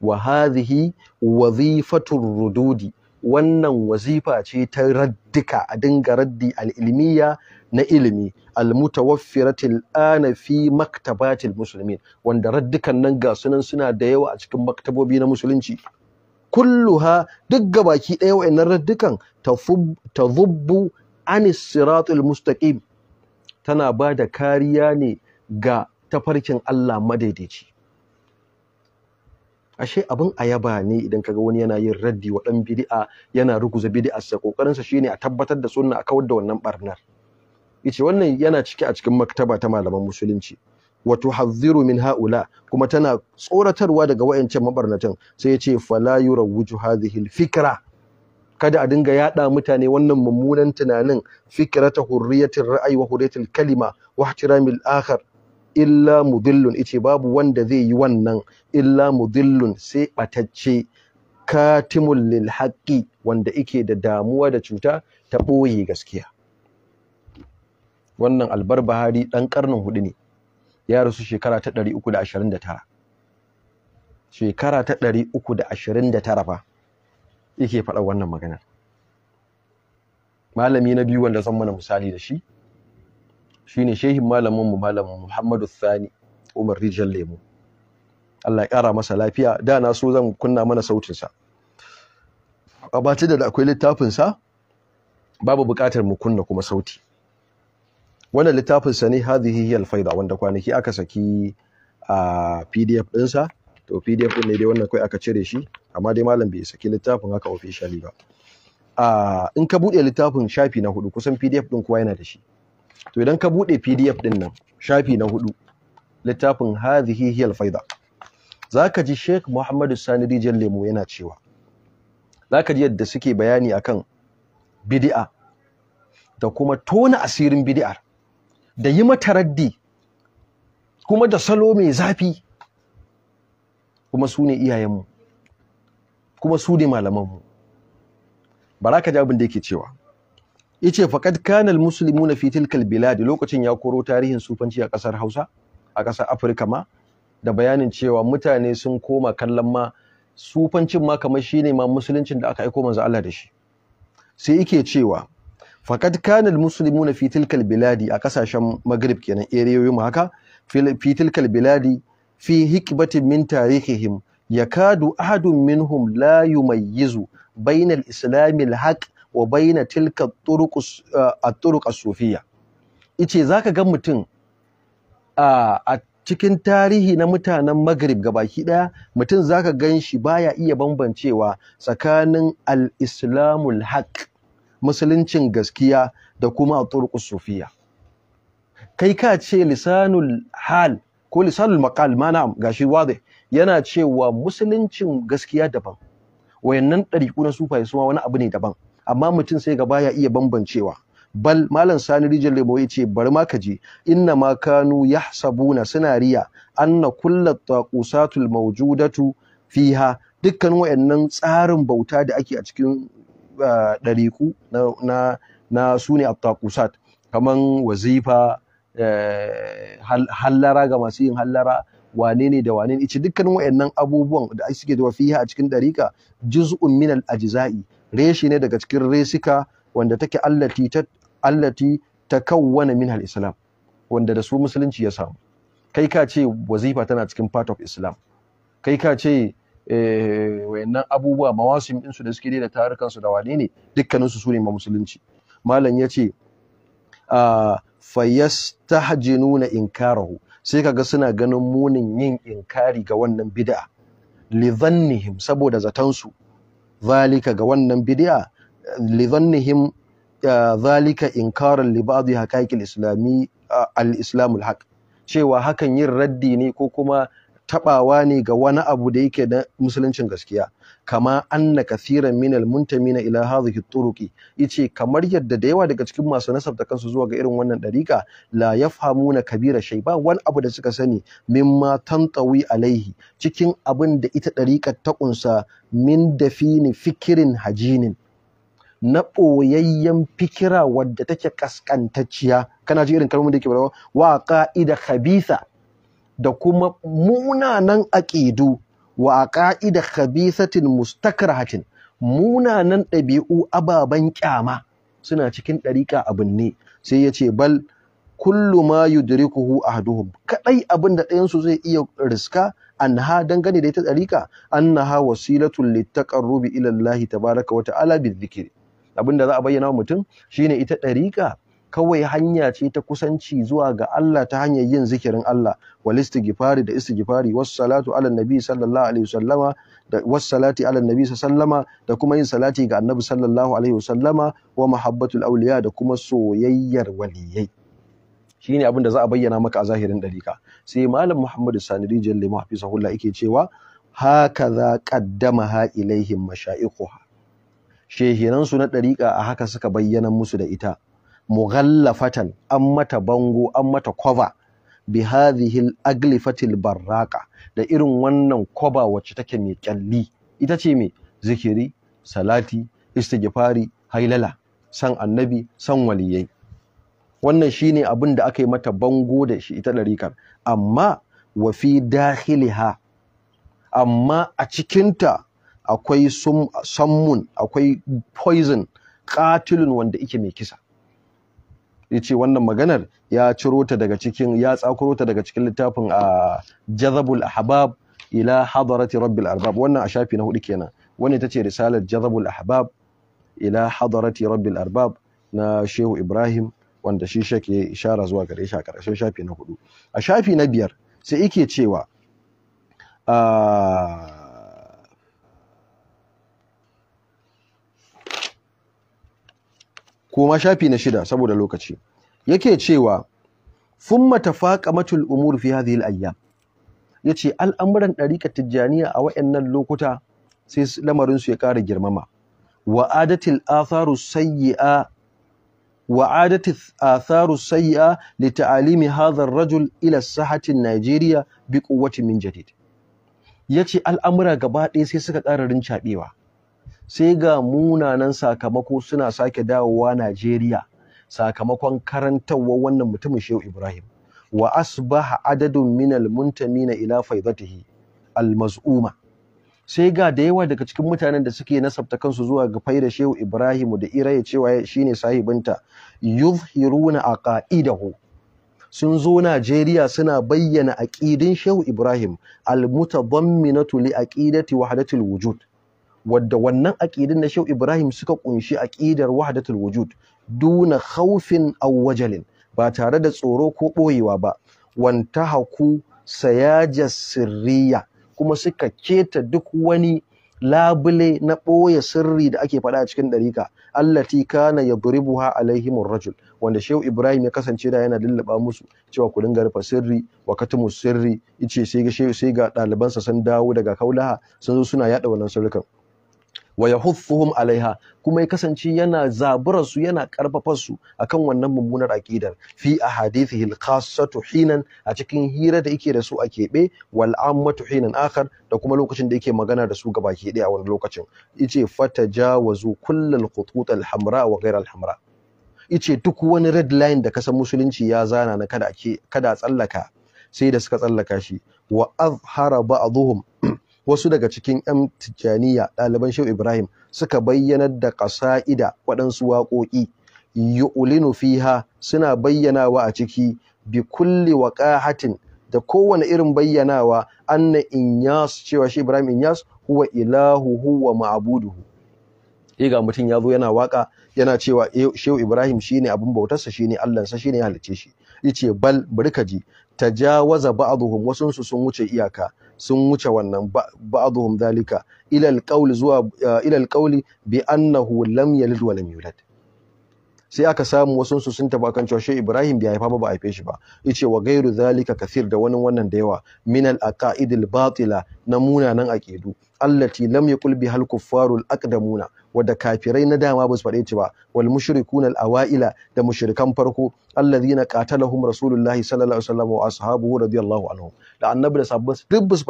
wa hadhihi wazifatur rududi wannan wazifa ce ta raddika a dinga raddi al'ilmiya na ilimi almutawaffiratil ana fi maktabatil musulmin wanda raddikan nan ga sunan suna da yawa a cikin maktabobi na musulunci kulluha duk gabaki ɗaya wa'annan raddikan ta zubbu anis siratul mustaqim tana ba da kariya ne ga tafarkin Allah madaidaici ashe abin ayaba ne idan kaga wani yana yin raddi wa dan bid'a yana ruguza bid'arsa kokarin sa shine a tabbatar da sunna a kawar da wannan barnar yace wannan yana ciki a cikin maktaba ta malaman musulunci wa tuhadhiru min haula kuma tana tsoratarwa daga wayancan mabarnatan sai yace fala yurawuju hadhihi alfikra kada a dinga yada mutane wannan mummunan tunanin fikrata hurriyatir ra'ayi wa hurriyatil kalima wa ihtiramil akhar illa mudillun ice babu wanda zai yi wannan illa mudillun sai batacce katimul lil haqqi wanda ike da damuwa da cuta ta ɓoye gaskiya wannan albar bahari dan karnin hudu ne ya rasu shekara ta 329 shekara ta 329 fa yake faɗa wannan magana. malami na biyu wanda zan mana misali da shi shine shehin malamin mu malamin Muhammadu Sani Umar Rijal Lemu Allah ya kara masa lafiya da na so zan kunna mana sautin sa a bace da akwai littafin sa babu buƙatar mu kunna kuma sauti wannan littafin sa ne hadhihi hiya al-faida wanda kwanaki aka saki a PDF din sa to PDF din ne dai wannan kai aka cire shi amma dai malam bai saki littafin haka officially ba a in ka bude littafin shafi na hudu kusan PDF din kowa yana da shi to idan ka bude pdf ɗin nan shafi na hudu littafin hadhihi fa'ida. Za zaka ji Sheikh Muhammadu Sani Dijan Lemo yana cewa zaka ji yadda suke bayani akan bidi'a da kuma tona asirin bidi'ar da yi mata raddi kuma da salo mai zafi kuma su ne iyayenmu kuma su ne malamanmu ba za ka ji abin da yake cewa yace faqad kana almuslimuna fi tilka albilad lokacin ya koro tarihin sufanci a kasar Hausa a kasar Afirka ma da bayanin cewa mutane sun koma kallon ma sufancin ma kamar shine ma musuluncin da aka aika manzo Allah da shi sai yake cewa faqad kana almuslimuna fi tilka albilad a kasashen Maghrib kenan areyoyin haka fi tilka albilad fi hikbatin min tarihihim yakadu ahadun minhum la yumayyizu bainal islamil haqq wa baina tilka at-turuq as-sufiyya ice zaka ga mutum a cikin tarihi na mutanen Maghrib baki daya mutum zaka gan shi baya iya bambancewa tsakanin al-islamul haqq musuluncin gaskiya da kuma at-turuq as-sufiyya kai ka ce lisanul hal ko lisanul maqal ma na'am gashi wazi yana cewa musuluncin gaskiya daban wayannan dariku na sufaye suma wani abu ne daban amma mutum sai gaba ya iya bambancewa bal malam sani rijal lebo ya ce bari ma ka je inna ma kanu yahsabuna suna riya anna kullat taqusatul mawjudatu fiha dukkan wayannan tsarin bauta da ake a cikin ah, ɗariku na na na sune at-taqusat kaman wazifa eh, hallara ga masu yin hallara wane ne da wane ne dukkan wayannan abubuwan da suke da fiha a cikin ɗarika juz'un min al-ajza'i reshi ne daga cikin resika wanda take allati ta allati takawwana min al-islam wanda da su musulunci ya samu kai ka ce wazifa tana cikin part of islam kai ka ce eh, wayannan abubuwa mawasim din su da suke da tarukan su da wane ne dukkanin su sune musulunci malam yace a fayastahjinuna inkarahu sai kaga suna ganin munin yin inkari ga wannan bid'a li dhannihim saboda zatansu zalika ga wannan bidi'a li dhannihim zalika inkaran li ba'dhi haqaiqil islami al cewa hakan yin raddi ne ko kuma taɓawa ne ga wani abu da yake na musuluncin gaskiya kama anna kathiran minal muntamina ila hadhihi turuqi yace kamar yadda da yawa daga cikin masu nasabta kansu zuwa ga irin wannan dariƙa la yafhamuna kabira shay ba wani abu da suka sani mimma tantawi alaihi cikin abin da ita dariƙar ta kunsa min dafini fikirin hajinin na ɓoyayyen fikira wadda take kaskantacciya kana ji irin kalmomin da yake wa qa'ida khabitha da kuma munanan aqidu wa aqaida khabisatin mustakrahatin munanan ɗabi'u ababen ƙyama, suna cikin ɗariƙa abin ne sai ya ce bal kullu ma yudrikuhu ahduhum Kaɗai abin da ɗayansu zai iya riska annaha dangane da ita ɗariƙa annaha wasilatul litaqarrubi ila Allah tabaraka wa ta'ala bizikri abin da za a bayyana wa mutum shine ita ɗariƙa kawai hanya ce ta kusanci zuwa ga Allah ta hanyar yin zikirin Allah wal istighfari da istighfari was salatu ala nabi sallallahu alaihi wasallama da was salati ala nabi sallama da kuma yin salati ga annabi sallallahu alaihi wasallama wa mahabbatul awliya da kuma soyayyar waliyai shine abin da za a bayyana maka a zahirin dalika sai malam muhammadu sani rijal limu hafizahullah yake cewa hakaza qaddamaha ilaihim mashaiquha shehiransu na dariqa a haka suka bayyana musu da ita mughallafatan an mata bango an mata kwaba bi hadhihi al-aglifatil barraqa da irin wannan kwaba wacce take mai kyalli ita ce mai zikiri salati istighfari hailala san annabi san waliyai wannan shine abin da aka yi mata bango da shi ita ɗarikar amma wa fi dakhiliha amma a cikinta akwai sammun akwai poison katilun wanda ike mai kisa yace wannan maganar ya ciro ta daga cikin ya tsakuro ta daga cikin littafin a jazabul ahbab ila hadarati rabbil arbab wannan a shafi na hudu kenan wani ita ce risalar jazabul ahbab ila hadarati rabbil arbab na shehu ibrahim wanda shi shake ishara zuwa gare shi a ƙarshen shafi na hudu a shafi na biyar sai yake cewa kuma shafi na shida saboda lokaci yake cewa thumma matul umur fi hadhihi al-ayyam yace al'amuran ɗarika tijjaniya a wayannan lokuta sai lamarin su ya ƙara girmama wa adatil atharu sayyi'a wa adatil atharu li ta'alimi hadha rajul ila sahatin Najeriya bi quwwatin min jadid yace al'amura gaba ɗaya sai suka ƙara rincaɓewa sai ga munanan sakamako suna sake dawowa Najeriya sakamakon karantarwa wannan mutumin Shehu Ibrahim wa asbaha adadun minal muntamina ila faidatihi almaz'uma sai ga da yawa daga cikin mutanen da suke nasabta kansu zuwa ga faida Shehu Ibrahim da iraye cewa shine sahibinta yuzhiruna aqaidahu sun zo Najeriya suna bayyana aqidin Shehu Ibrahim almutadamminatu li aqidati wahdatil wujud wadda wannan aƙidin na Shehu Ibrahim suka kunshi aƙidar wahdatul wujud duna khawfin aw wajalin ba tare da tsoro ko boyewa ba wanta haku sayaja sirriya kuma suka keta duk wani labule na ɓoye sirri da ake faɗa a cikin ɗarika allati kana yadribuha alaihim rajul wanda shehu ibrahim ya kasance da yana lullaba musu cewa ku dinga rufe sirri wa katumu sirri yace sai ga shehu sai ga ɗalibansa sun dawo daga kaulaha sun zo suna yaɗa wannan sirrukan wa yahuffuhum alaiha kuma ya kasance yana zaburar su yana karfafar su akan wannan mummunar aqidar fi ahadithihi al hinan a cikin hira da yake da su a kebe wal ammatu hinan akhar da kuma lokacin da yake magana da su gabaki daya a wani lokacin yace fatajawazu kullal khutut alhamra hamra wa ghayr alhamra hamra yace duk wani red line da kasan musulunci ya zana na kada kada tsallaka sai da suka tsallaka shi wa azhara ba'dhum wasu daga cikin 'yan tijjaniya ɗaliban shehu ibrahim suka bayyanar da ƙasa'ida waɗansu waƙoƙi yu'linu fiha suna bayyanawa a ciki bi kulli waqahatin da kowane irin bayyanawa anna inyas cewa shi ibrahim inyas huwa ilahu huwa ma'buduhu eh ga mutum ya zo yana waka yana cewa eh, shehu ibrahim shine abin bautarsa shine allansa shine ya halice shi yace bal bari ka ji tajawaza ba'dhum wasun su sun wuce iyaka sun wuce wannan ba'dhum zalika ila alqawl zuwa eh, ila alqawli bi annahu lam yalid wa lam yulad sai aka samu wasu su sun taba kan cewa shi Ibrahim bai haifa ba ba haife shi ba yace wa gairu zalika kasir, da wani wannan da yawa min al aqaidil batila na munanan aqidu allati lam yaqul bi hal kuffaru al aqdamuna wadda kafirai na dama ba su faɗe ci ba wal mushrikuna al awaila da mushrikan farko alladhina qatalahum rasulullahi sallallahu alaihi wasallam wa ashabuhu radiyallahu anhum da annabi da sabbin duk ba su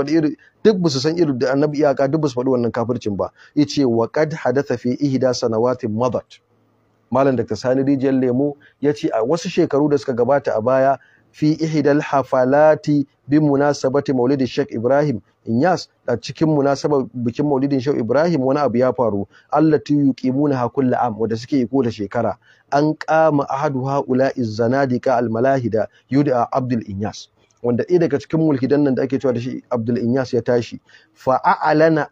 duk ba su san irin da annabi iyaka duk ba su faɗi wannan kafircin ba yace wa qad hadatha fi ihda sanawatin madat malam dr sani rijiyar lemu yace a wasu shekaru da suka gabata a baya fi ihdal hafalati bi munasabati maulidi Sheikh Ibrahim Inyas a cikin munasabar bikin Maulidin Shehu Ibrahim wani abu ya faru allati yuqimuna ha kullu am wanda suke iko da shekara an qama ahadu haula zanadika malahida yud'a Abdul Inyas wanda ɗaya daga cikin mulkidan nan da ake cewa da shi Abdul Inyas ya tashi fa'alana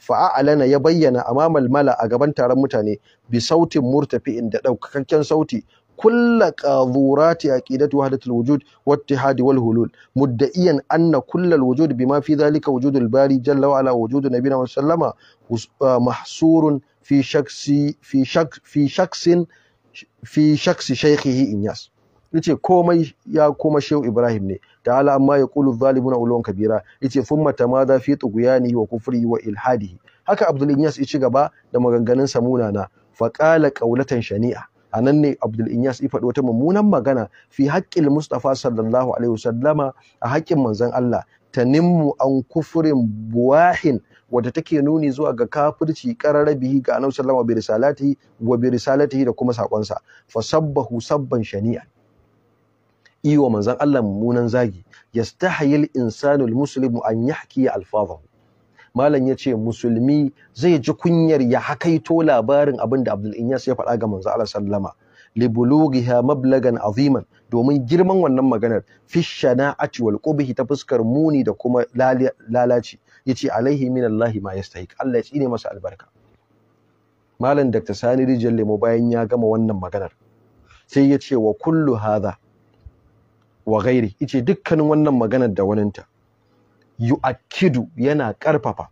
fa'alana ya bayyana amamal mala a gaban taron mutane bi sautin murtafi'in da ɗaukakakken sauti كل قاذورات عقيدة وحدة الوجود والاتحاد والهلول مدعيا أن كل الوجود بما في ذلك وجود الباري جل وعلا وجود نبينا صلى الله عليه وسلم محصور في شخص في شخص في شخص في شخص شيخه إنياس yace komai ya koma shehu ibrahim ne Da alama ya qulu zalimuna ulwan kabira yace thumma tamada fi tughyani wa kufri wa ilhadihi haka abdul inyas ya ci gaba da maganganun samunana faqala qawlatan shani'a a nan ne abdul inyas ya wata mummunan magana fi haƙƙil mustafa sallallahu alaihi wasallama a haƙƙin manzon Allah ta nimmu an kufurin buwahin wadda take nuni zuwa ga kafirci kararrabihi ga annabi sallallahu alaihi risalati wa bi risalatihi da kuma sakonsa fa sabbahu sabban shani'a iyo manzon Allah mummunan zagi yastahayil insanul muslimu an yahki alfazahu malam ya ce musulmi zai ji kunyar ya hakaito labarin abin da Abdul Inyas ya faɗa ga manzo Allah sallama li bulughiha mablagan aziman domin girman wannan maganar fi shana'ati wal qubhi ta fuskar muni da kuma lalaci yace alaihi minallahi ma yastahiq Allah ya tsine masa albarka malam Dr. Sani rijalle mu bayan ya gama wannan maganar sai yace wa kullu hadha wa ghairi yace dukkanin wannan maganar da waninta yu'akkidu yana ƙarfafa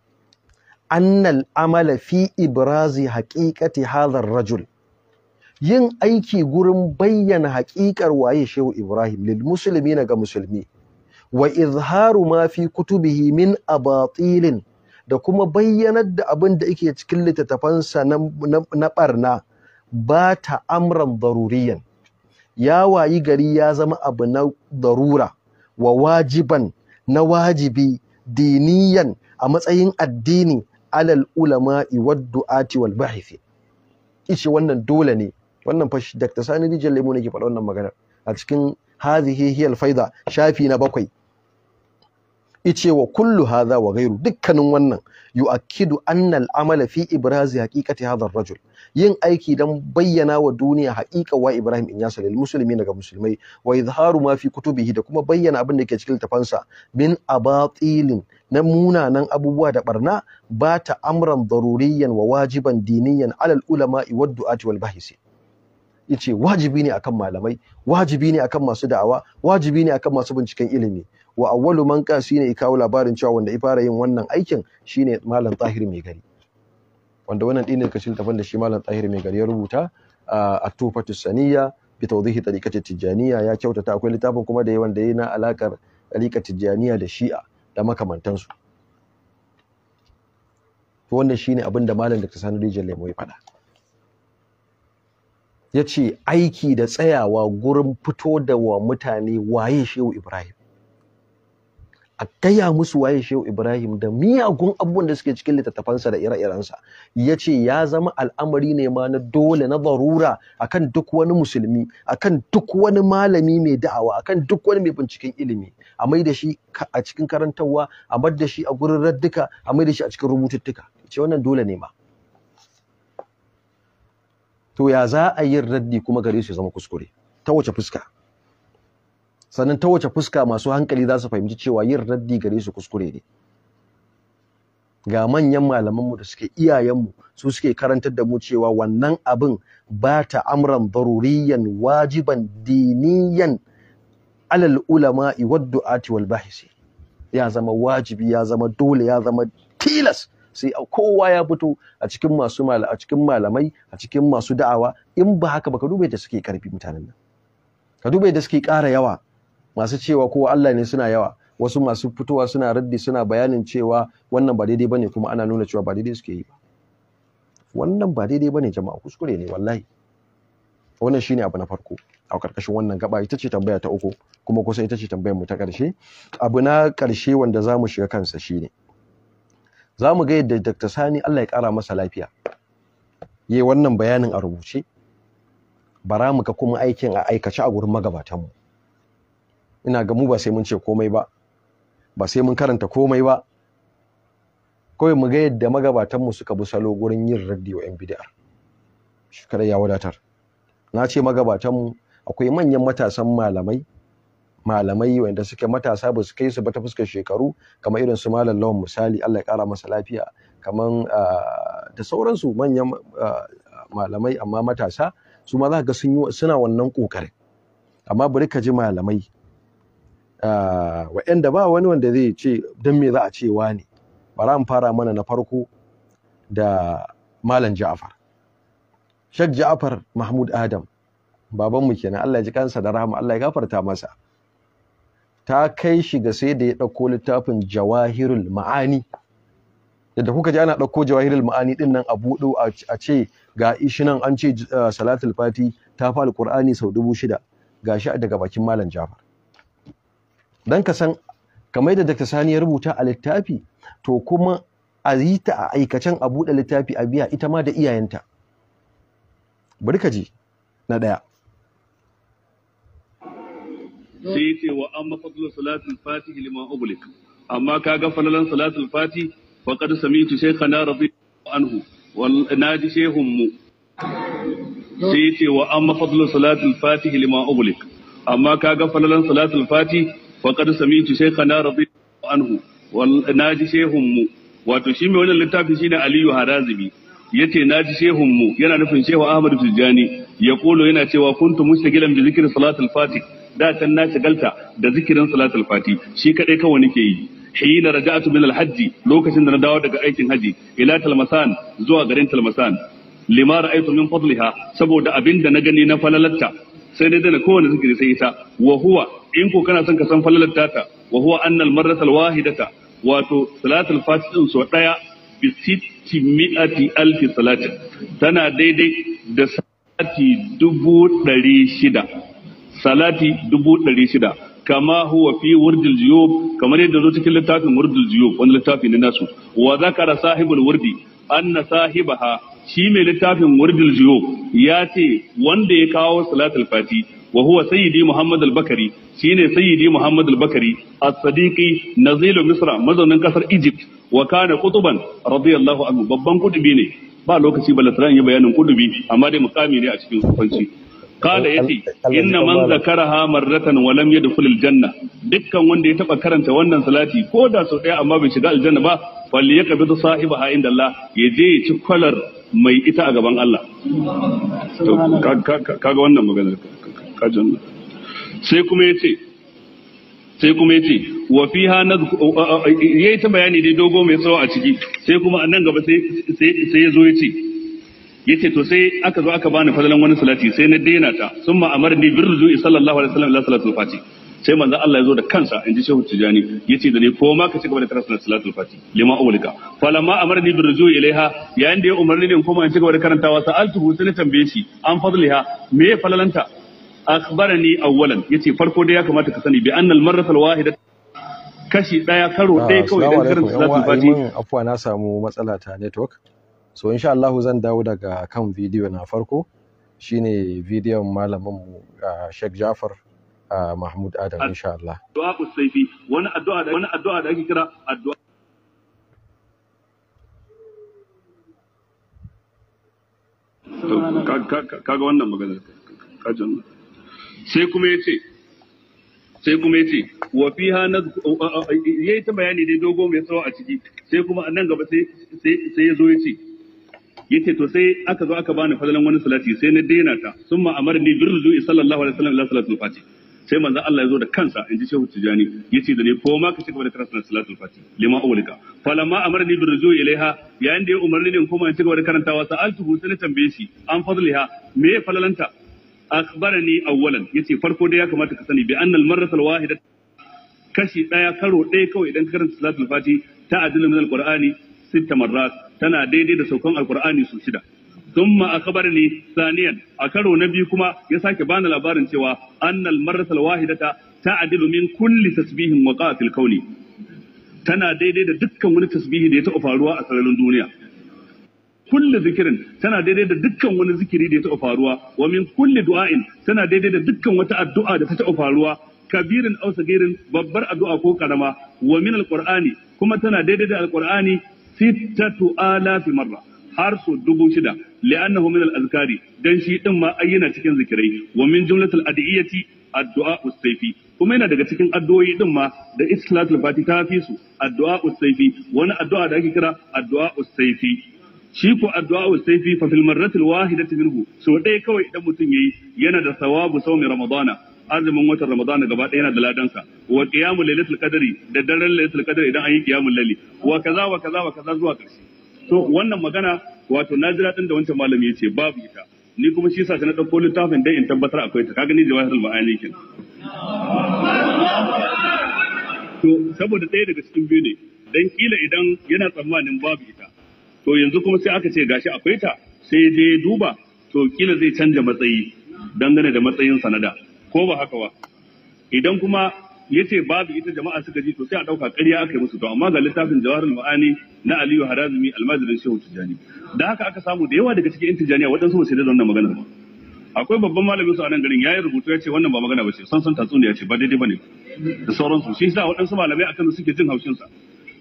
annal amala fi ibrazi haƙiƙati hadhar rajul yin aiki gurin bayyana haƙiƙar waye shehu ibrahim lil Musulmi ga musulmi wa izharu ma fi kutubihi min abatilin da kuma bayyanar da abin da yake cikin littattafansa na barna ba ta amran daruriyan ya wayi gari ya zama abu na darura wa wajiban na wajibi diniyan a matsayin addini alal ulama'i iwad du'ati wal bahithi Ishe wannan dole ne wannan fa Dr. Sani Rijal Lemo ne ke faɗa wannan magana a cikin hadhihi hiya al-faida shafi na bakwai ice wa kullu hadha wa ghayru dukkanin wannan yu'akkidu anna al-amala fi ibrazi haqiqati hadha ar-rajul yin aiki dan bayyana wa duniya haqiqa wa ibrahim in yasal lil muslimin daga musulmai wa izharu ma fi kutubihi da kuma bayyana abin da yake cikin tafansa, min abatilin na munanan abubuwa da barna ba ta amran daruriyan wa wajiban diniyan alal ulama'i wa du'ati wal bahisi yace wajibi ne akan malamai wajibi ne akan masu da'awa wajibi ne akan masu binciken ilimi wa awwalu man ka shine kawo labarin cewa wanda ya fara yin wannan aikin shine malam Tahir mai gari wanda wannan dinin kashin tafan da shi malam Tahir mai gari ya rubuta a tufatu saniya bi tawdihi tariqati tijaniya ya kyautata akwai littafin kuma da yayi wanda yana na alakar tariqati tijaniya da shi'a da makamantansu to wannan shine abin da malam Dr. Sani Rijal Lemo ya faɗa ya ce aiki da tsayawa gurin fito da wa mutane waye shehu Ibrahim a gaya musu waye shehu ibrahim da miyagun abubuwan da suke cikin littattafansa da ire-irensa ya ce ya zama al'amari ne ma na dole na zarura akan duk wani musulmi akan duk wani malami mai da'awa akan duk wani mai binciken ilimi a mai da shi a cikin karantarwa a mai da shi a gurin radduka a mai da shi a cikin rubututtuka ce wannan dole ne ma to ya za a yi raddi kuma gare su zama kuskure ta wace fuska sannan ta wace fuska masu hankali za su fahimci cewa yin raddi gare su kuskure ne ga manyan malamanmu da suke iyayenmu su suke karantar da mu cewa wannan abin ba ta amran baruriyan wajiban diniyan alal ulama wad du'ati wal bahisi ya zama wajibi ya zama dole ya zama tilas sai kowa ya fito a cikin masu malamai a cikin masu da'awa in ba haka ba ka dube da suke karfi mutanen nan ka dube da suke ƙara yawa masu cewa kowa Allah ne suna yawa wasu masu fitowa suna raddi suna bayanin cewa wannan ba daidai bane kuma ana nuna cewa ba daidai suke yi ba wannan ba daidai bane jama'a kuskure ne wallahi wannan shine abu na farko a karkashin wannan gaba ita ce tambaya ta uku kuma kusa ita ce tambayar mu ta karshe abu na karshe wanda za mu shiga kansa shine za mu ga yadda Dr. Sani Allah ya kara masa lafiya yayi wannan bayanin a rubuce bara mu ka kuma aikin a aikace a gurin magabatanmu mu ina ga mu ba sai mun ce komai ba ba sai mun karanta komai ba kawai mu ga yadda mu suka bi salo gurin yin radio 'yan bid'a ya wadatar na ce magabatanmu akwai manyan matasan malamai malamai wanda suke matasa ba su kai su ba ta fuskar shekaru kamar irin su malam lawan misali Allah ya kara masa lafiya kamar ah, da sauransu manyan ah, malamai amma matasa su ma za ka ga suna wannan kokarin amma bari ka ji malamai Ah, wa'yanda ba wani wanda zai ce don me za a ce ne, bara mu fara mana na farko da malam ja'far shek ja'far mahmud adam babanmu kenan Allah ya ji kansa da rahama Allah ya gafarta masa ta kai shi ga sai da ya ɗauko littafin jawahirul ma'ani yadda kuka ji ana ɗauko jawahirul ma'ani ɗin nan a buɗo a ce ga ishi nan an ce ah, salatul fati ta fi alƙur'ani sau dubu shida ga shi daga bakin malam jafar don ka san kamar yadda Dr. Sani ya rubuta a littafi to kuma a yi ta a aikacen a buɗe littafi a biya ita ma da iyayenta bari ka ji na ɗaya sai ce wa amma fadlu salatul Fati liman obulik. amma ka ga fanalan salatul fati faqad sami'tu shaykhana radiyallahu anhu wal naji shehun mu sai ce wa amma fadlu salatul Fati liman obulik. amma ka ga fanalan salatul fati faqad sami'tu shaykhana radiyallahu anhu wal naji shehun mu wato shi ne wannan littafi shine Aliyu Harazimi yace naji shehun mu yana nufin shehu Ahmadu Tijjani ya kolo yana cewa kuntu mustaqilan bi zikri salatul fatih da can na shagalta da zikirin salatul fati shi kadai kawai nake yi hina raja'tu min al-hajj lokacin da na dawo daga aikin haji ila talmasan zuwa garin talmasan lima ra'aytu min fadliha saboda abinda na gani na falalatta sai dai dana kowane zikiri sai ita wa huwa in ko kana son ka san falalar tata wa huwa annal marratal wahidata wato salatul fatihin so daya bi sitti mi'ati alfi salatin tana daidai da salati dubu ɗari shida salati dubu ɗari shida kama huwa fi wurdil jiyub kamar yadda zo cikin littafin wurdil jiyub wani littafi ne nasu wa zakara sahibul wurdi anna sahibaha shi mai littafin wardil jiyo ya ce wanda ya kawo salatul fati wa huwa sayyidi muhammad al-bakari shine sayyidi muhammad al-bakari as-sadiqi nazilu misra mazaunin kasar egypt wa kana qutuban radiyallahu anhu babban kutubi ne ba lokaci balatran yi bayanin kutubi amma dai mukami ne a cikin sufanci kada yace inna man zakaraha marratan wa lam yadkhul janna dukkan wanda ya taba karanta wannan salati ko da sau daya amma bai shiga aljanna ba falyakbidu sahibaha inda Allah ya je ya ci kwalar mai ita a gaban Allah kaga wannan magana kajin sai kuma ya ce sai kuma yace wa ya yi ta bayani dai dogo mai tsawo a ciki sai kuma a nan gaba sai ya zo ya ce, ya ce to sai aka zo aka bani fadalan wani salati sai na daina ta summa birru zuwa sallallahu alaihi wasallam la salatu fati sai manzo Allah ya zo da kansa inji shehu tijani yace da ni ko ma ka ci gaba da karanta salatul fati lima ulika falamma amarni bi rujui ilaiha yayin da ya umarni ne koma in ci gaba da karantawa sa'altuhu sai na tambaye shi an fadliha me falalanta akhbarani awwalan yace farko dai ya kamata ka sani bi annal marratal wahida kashi daya karo dai ah, kawai dan karanta salatul fati eh, afwa na samu matsala ta network so insha Allah zan dawo daga kan video na farko shine bidiyon malamin mu ah, Sheikh Jafar Mahmud Adam insha Allah. Addu'a saifi wani addu'a da wani addu'a da ake kira addu'a kaga wannan magana kajin sai kuma yace sai kuma yace wa fiha na yayi ta bayani dai dogo mai tsawo a ciki sai kuma nan gaba sai sai yazo yace yace to sai aka zo aka bani fadalan wani salati sai na daina ta summa amarni birru sallallahu alaihi wasallam ila salatul fati sai manzon Allah ya zo da kansa in ji Shehu Tijani yace da ni ko ma ka ci gaba da karanta salatul fati lima awlika falamma amarni bi rujui ilaiha yayin da ya umarni ne kuma in ci gaba da karantawa sa'altuhu sai na tambaye shi an fadliha me ya falalanta akhbarani awwalan yace farko dai ya kamata ka sani bi annal marratal wahida kashi daya karo ɗaya kawai idan ka karanta salatul fati ta adilu min alqur'ani sitta marrat tana daidai da saukan alqur'ani su shida thumma ne saniyan a karo na biyu kuma ya sake bani labarin cewa annal marratal wahidata ta'dilu min kulli tasbihin waqa fil kauni tana daidai da dukkan wani tasbihi da ya taɓa faruwa a sararin duniya kulli zikirin tana daidai da dukkan wani zikiri da ya taɓa faruwa wa min kulli du'ain tana daidai da dukkan wata addu'a da ta taɓa faruwa kabirin aw sagirin babbar addu'a ko karama wa min alqur'ani kuma tana daidai da alqur'ani sittatu alafi marra har su dubu shida li'annahu min al-azkari dan shi din ma ayyana cikin zikirai wa min jumlatil adiyati addu'a usayfi kuma yana daga cikin addu'o'i din ma da islatul fati ta fi su addu'a usayfi wani addu'a da ake kira addu'a usayfi shi ko addu'a usayfi fa fil marratil wahidati minhu so dai kawai idan mutum yayi yana da thawabu sawmi ramadana azumin watan Ramadana gaba ɗaya yana da ladansa wa qiyamul lailatul qadri da daren lailatul qadri idan an yi qiyamul laili wa kaza wa kaza wa kaza zuwa to wannan magana wato na jira din da wancan malami yace babu ita ni kuma shi yasa na dauko littafin dai in tabbatar akwai ta kaga ni al ma'ani kin to saboda ɗaya daga cikin biyu ne dan kila idan yana tsammanin babu ita to yanzu kuma sai aka ce gashi akwai ta sai dai duba to kila zai canja matsayi dangane da matsayin sanada ko ba haka ba idan kuma Ya ce babu ita jama'a suka ji to sai a dauka ƙarya aka yi musu to amma ga littafin jawarul ma'ani na Aliyu Harazimi almajirin Shehu Tijani da haka aka samu da yawa daga cikin yan Tijaniya waɗansu ba su da wannan maganar ba akwai babban malamin su a nan garin yi rubutu ya ce wannan ba magana ba ce san san tatsuniya ce ba daidai ne da sauransu shi yasa waɗansu malamai akan suke jin haushin sa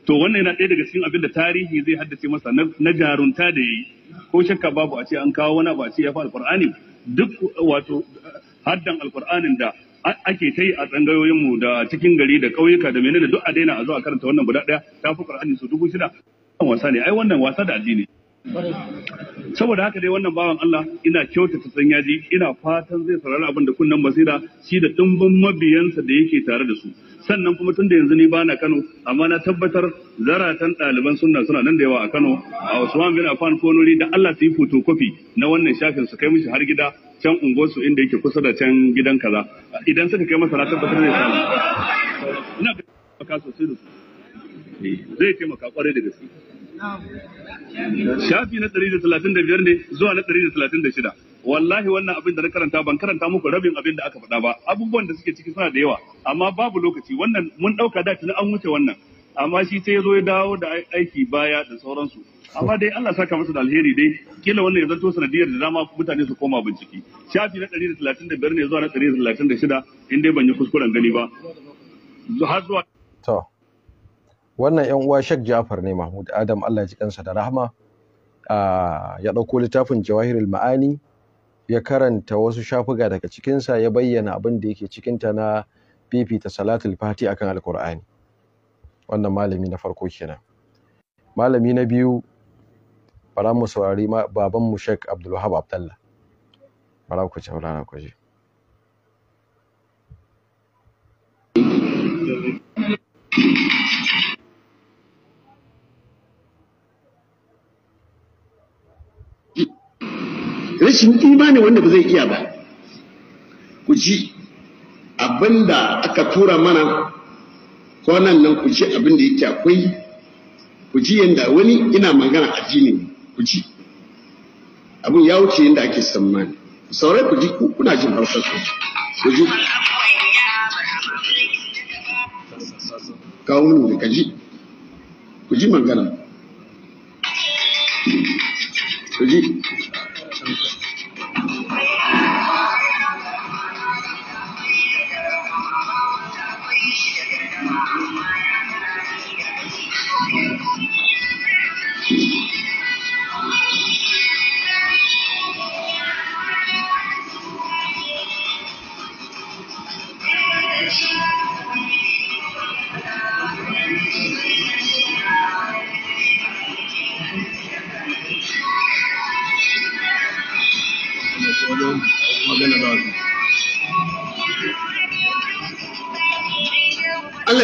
to wannan yana ɗaya daga cikin abin da tarihi zai haddace masa na jarunta da yi. ko shakka babu a ce an kawo wani ba a ce ya fi duk wato haddan alqur'anin da ake ta yi a tsangayoyinmu da cikin gari da ƙauyuka da menene duk a daina a zuwa karanta wannan guda ɗaya ta fi Qur'ani su dubu shida wasa ne ai wannan wasa da addini saboda haka dai wannan bawan Allah ina kyautata sanyaji ina fatan zai saurari abin da kunnan basira shi da ɗimbin mabiyansa da yake tare da su sannan kuma tun da yanzu ni bana Kano amma na tabbatar zaratan ɗaliban sunna suna nan da yawa a Kano a Usman bin Affan Konori da Allah su yi photocopy na wannan shafin su kai mishi har gida can unguwarsu inda yake kusa da can gidan kaza idan suka kai masa na tabbatar zai samu ina ga taimaka sosai da su zai taimaka kwarai da gaske shafi na 135 ne zuwa na 136 wallahi wannan abin da na karanta ban karanta muku rabin abin da aka faɗa ba abubuwan da suke ciki suna da yawa amma babu lokaci wannan mun dauka da tuni an wuce wannan amma shi sai zo ya dawo da aiki baya da sauransu amma dai Allah saka masa da alheri dai kila wannan ya zanto sanadiyar da dama mutane su koma bincike shafi na 135 ne zuwa na 136 in dai ban yi kuskuren gani ba har zuwa to wannan yan uwa Sheikh Jafar ne Mahmud Adam Allah ya ji kansa da rahama ah, ya ɗauko littafin Jawahirul Ma'ani ya karanta wasu shafuga daga cikinsa ya bayyana abin da yake cikinta na fifita salatul fati akan alkur'ani wannan malami na farko kenan malami na biyu bara mu saurari baban mu Sheikh Abdul Wahab bara ku bara ku ji rashin imani wanda ba zai iya ba ku ji abinda aka tura mana kwanan nan ku ji abin da yake akwai ku ji yadda wani ina magana addini ku ji abin ya wuce yadda ake sammani, saurai ku ji kuna jin harsarsu ku ji kawo mu da kaji ku ji magana ku ji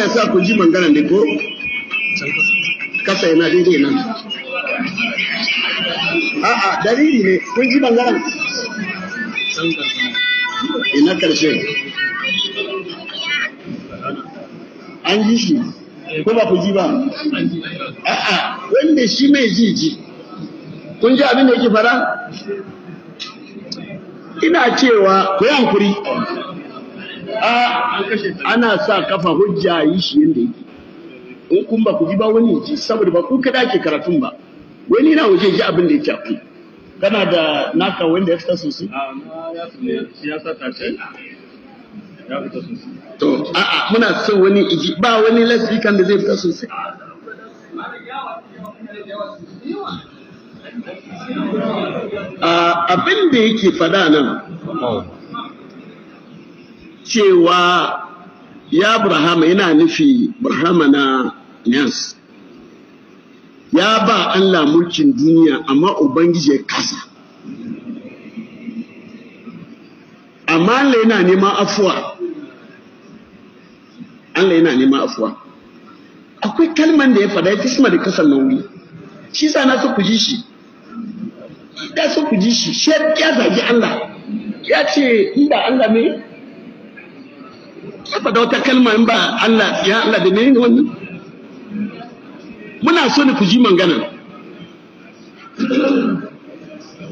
Allah ya sa ku ji mangaran ne ko kasa yana daidai nan a'a dalili ne kun ji mangaran ina karshe an ji shi ko ba ku ji ba a'a wanda shi mai ji ji kun ji abin da yake fara ina cewa ku yi hankuri ana sa kafa hujja yi shi yadda yake in kun ba ku ji ba wani ji saboda ba ku kada ke karatun ba wani na waje ji abin da yake akwai kana da naka wanda ya fita sosai ya a a a'a muna son wani iji ba wani kan da zai fita sosai abin da yake fada nan oh. cewa ya Burhama yana nufi Burhama na Yans. Ya ba Allah mulkin duniya amma Ubangiji ya kasa. Amma Allah yana neman afuwa. Allah yana neman afuwa. Akwai kalman da ya faɗa ya fi sama da kasar nauyi. Shi sa na so ku ji shi. Ya so ku ji shi. Shi ya zagi Allah. Ya ce in ba Allah ne ya faɗa wata kalma in ba Allah ya Allah da ne wannan muna so ne ku ji magana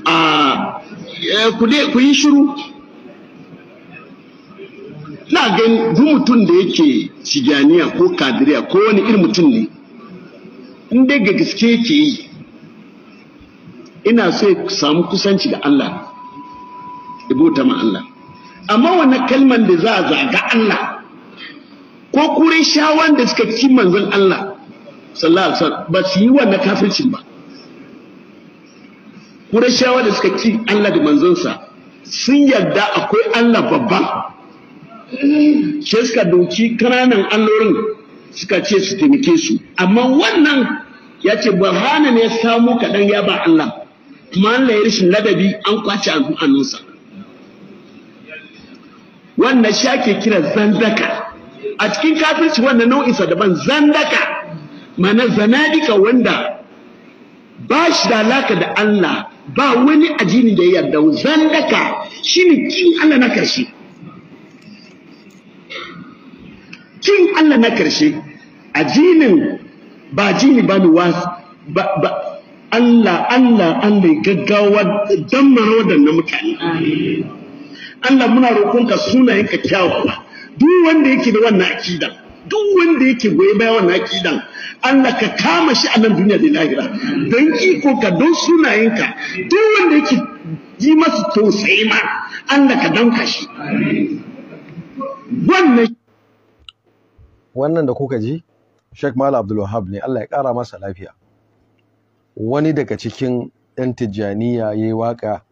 a ah, eh, ku dai ku yi shiru na gani duk mutum da yake shigiyaniya ko kadiriya ko wani irin mutum ne in dai ga gaske yake yi ina so ya samu kusanci da Allah ya bauta ma Allah amma wani kalman da za a zaga Allah ko kurai shawan da suka ci manzon Allah sallallahu alaihi wasallam ba su yi ba kurai shawan da suka ci Allah da manzonsa sun yarda akwai Allah babba sai suka doki kananan allorin suka ce su taimake su amma wannan ya ce burhana ne ya samu kaɗan ya ba Allah kuma Allah ya rashin ladabi an kwace hannunsa wannan shake kira zanzaka a cikin kafirci wannan nau'insa daban zandaka mana zanadika wanda ba shi da alaka da Allah ba wani ajini da ya yarda zandaka ne kin Allah na karshe kin Allah na karshe ajinin ba jini ba ni was ba Allah Allah Allah gaggawa dammar waɗannan mutane Allah muna roƙonka sunayenka kyawawa duk wanda yake da wannan akida duk wanda yake goyi bayan wannan akidan Allah ka kama shi a nan duniya da lahira don iko ka don sunayenka duk wanda yake yi masu tausayi ma Allah ka danka shi wannan wannan da kuka ji Sheikh Malam Abdul Wahab ne Allah ya kara masa lafiya wani daga cikin ɗan Tijjaniya ya yi waka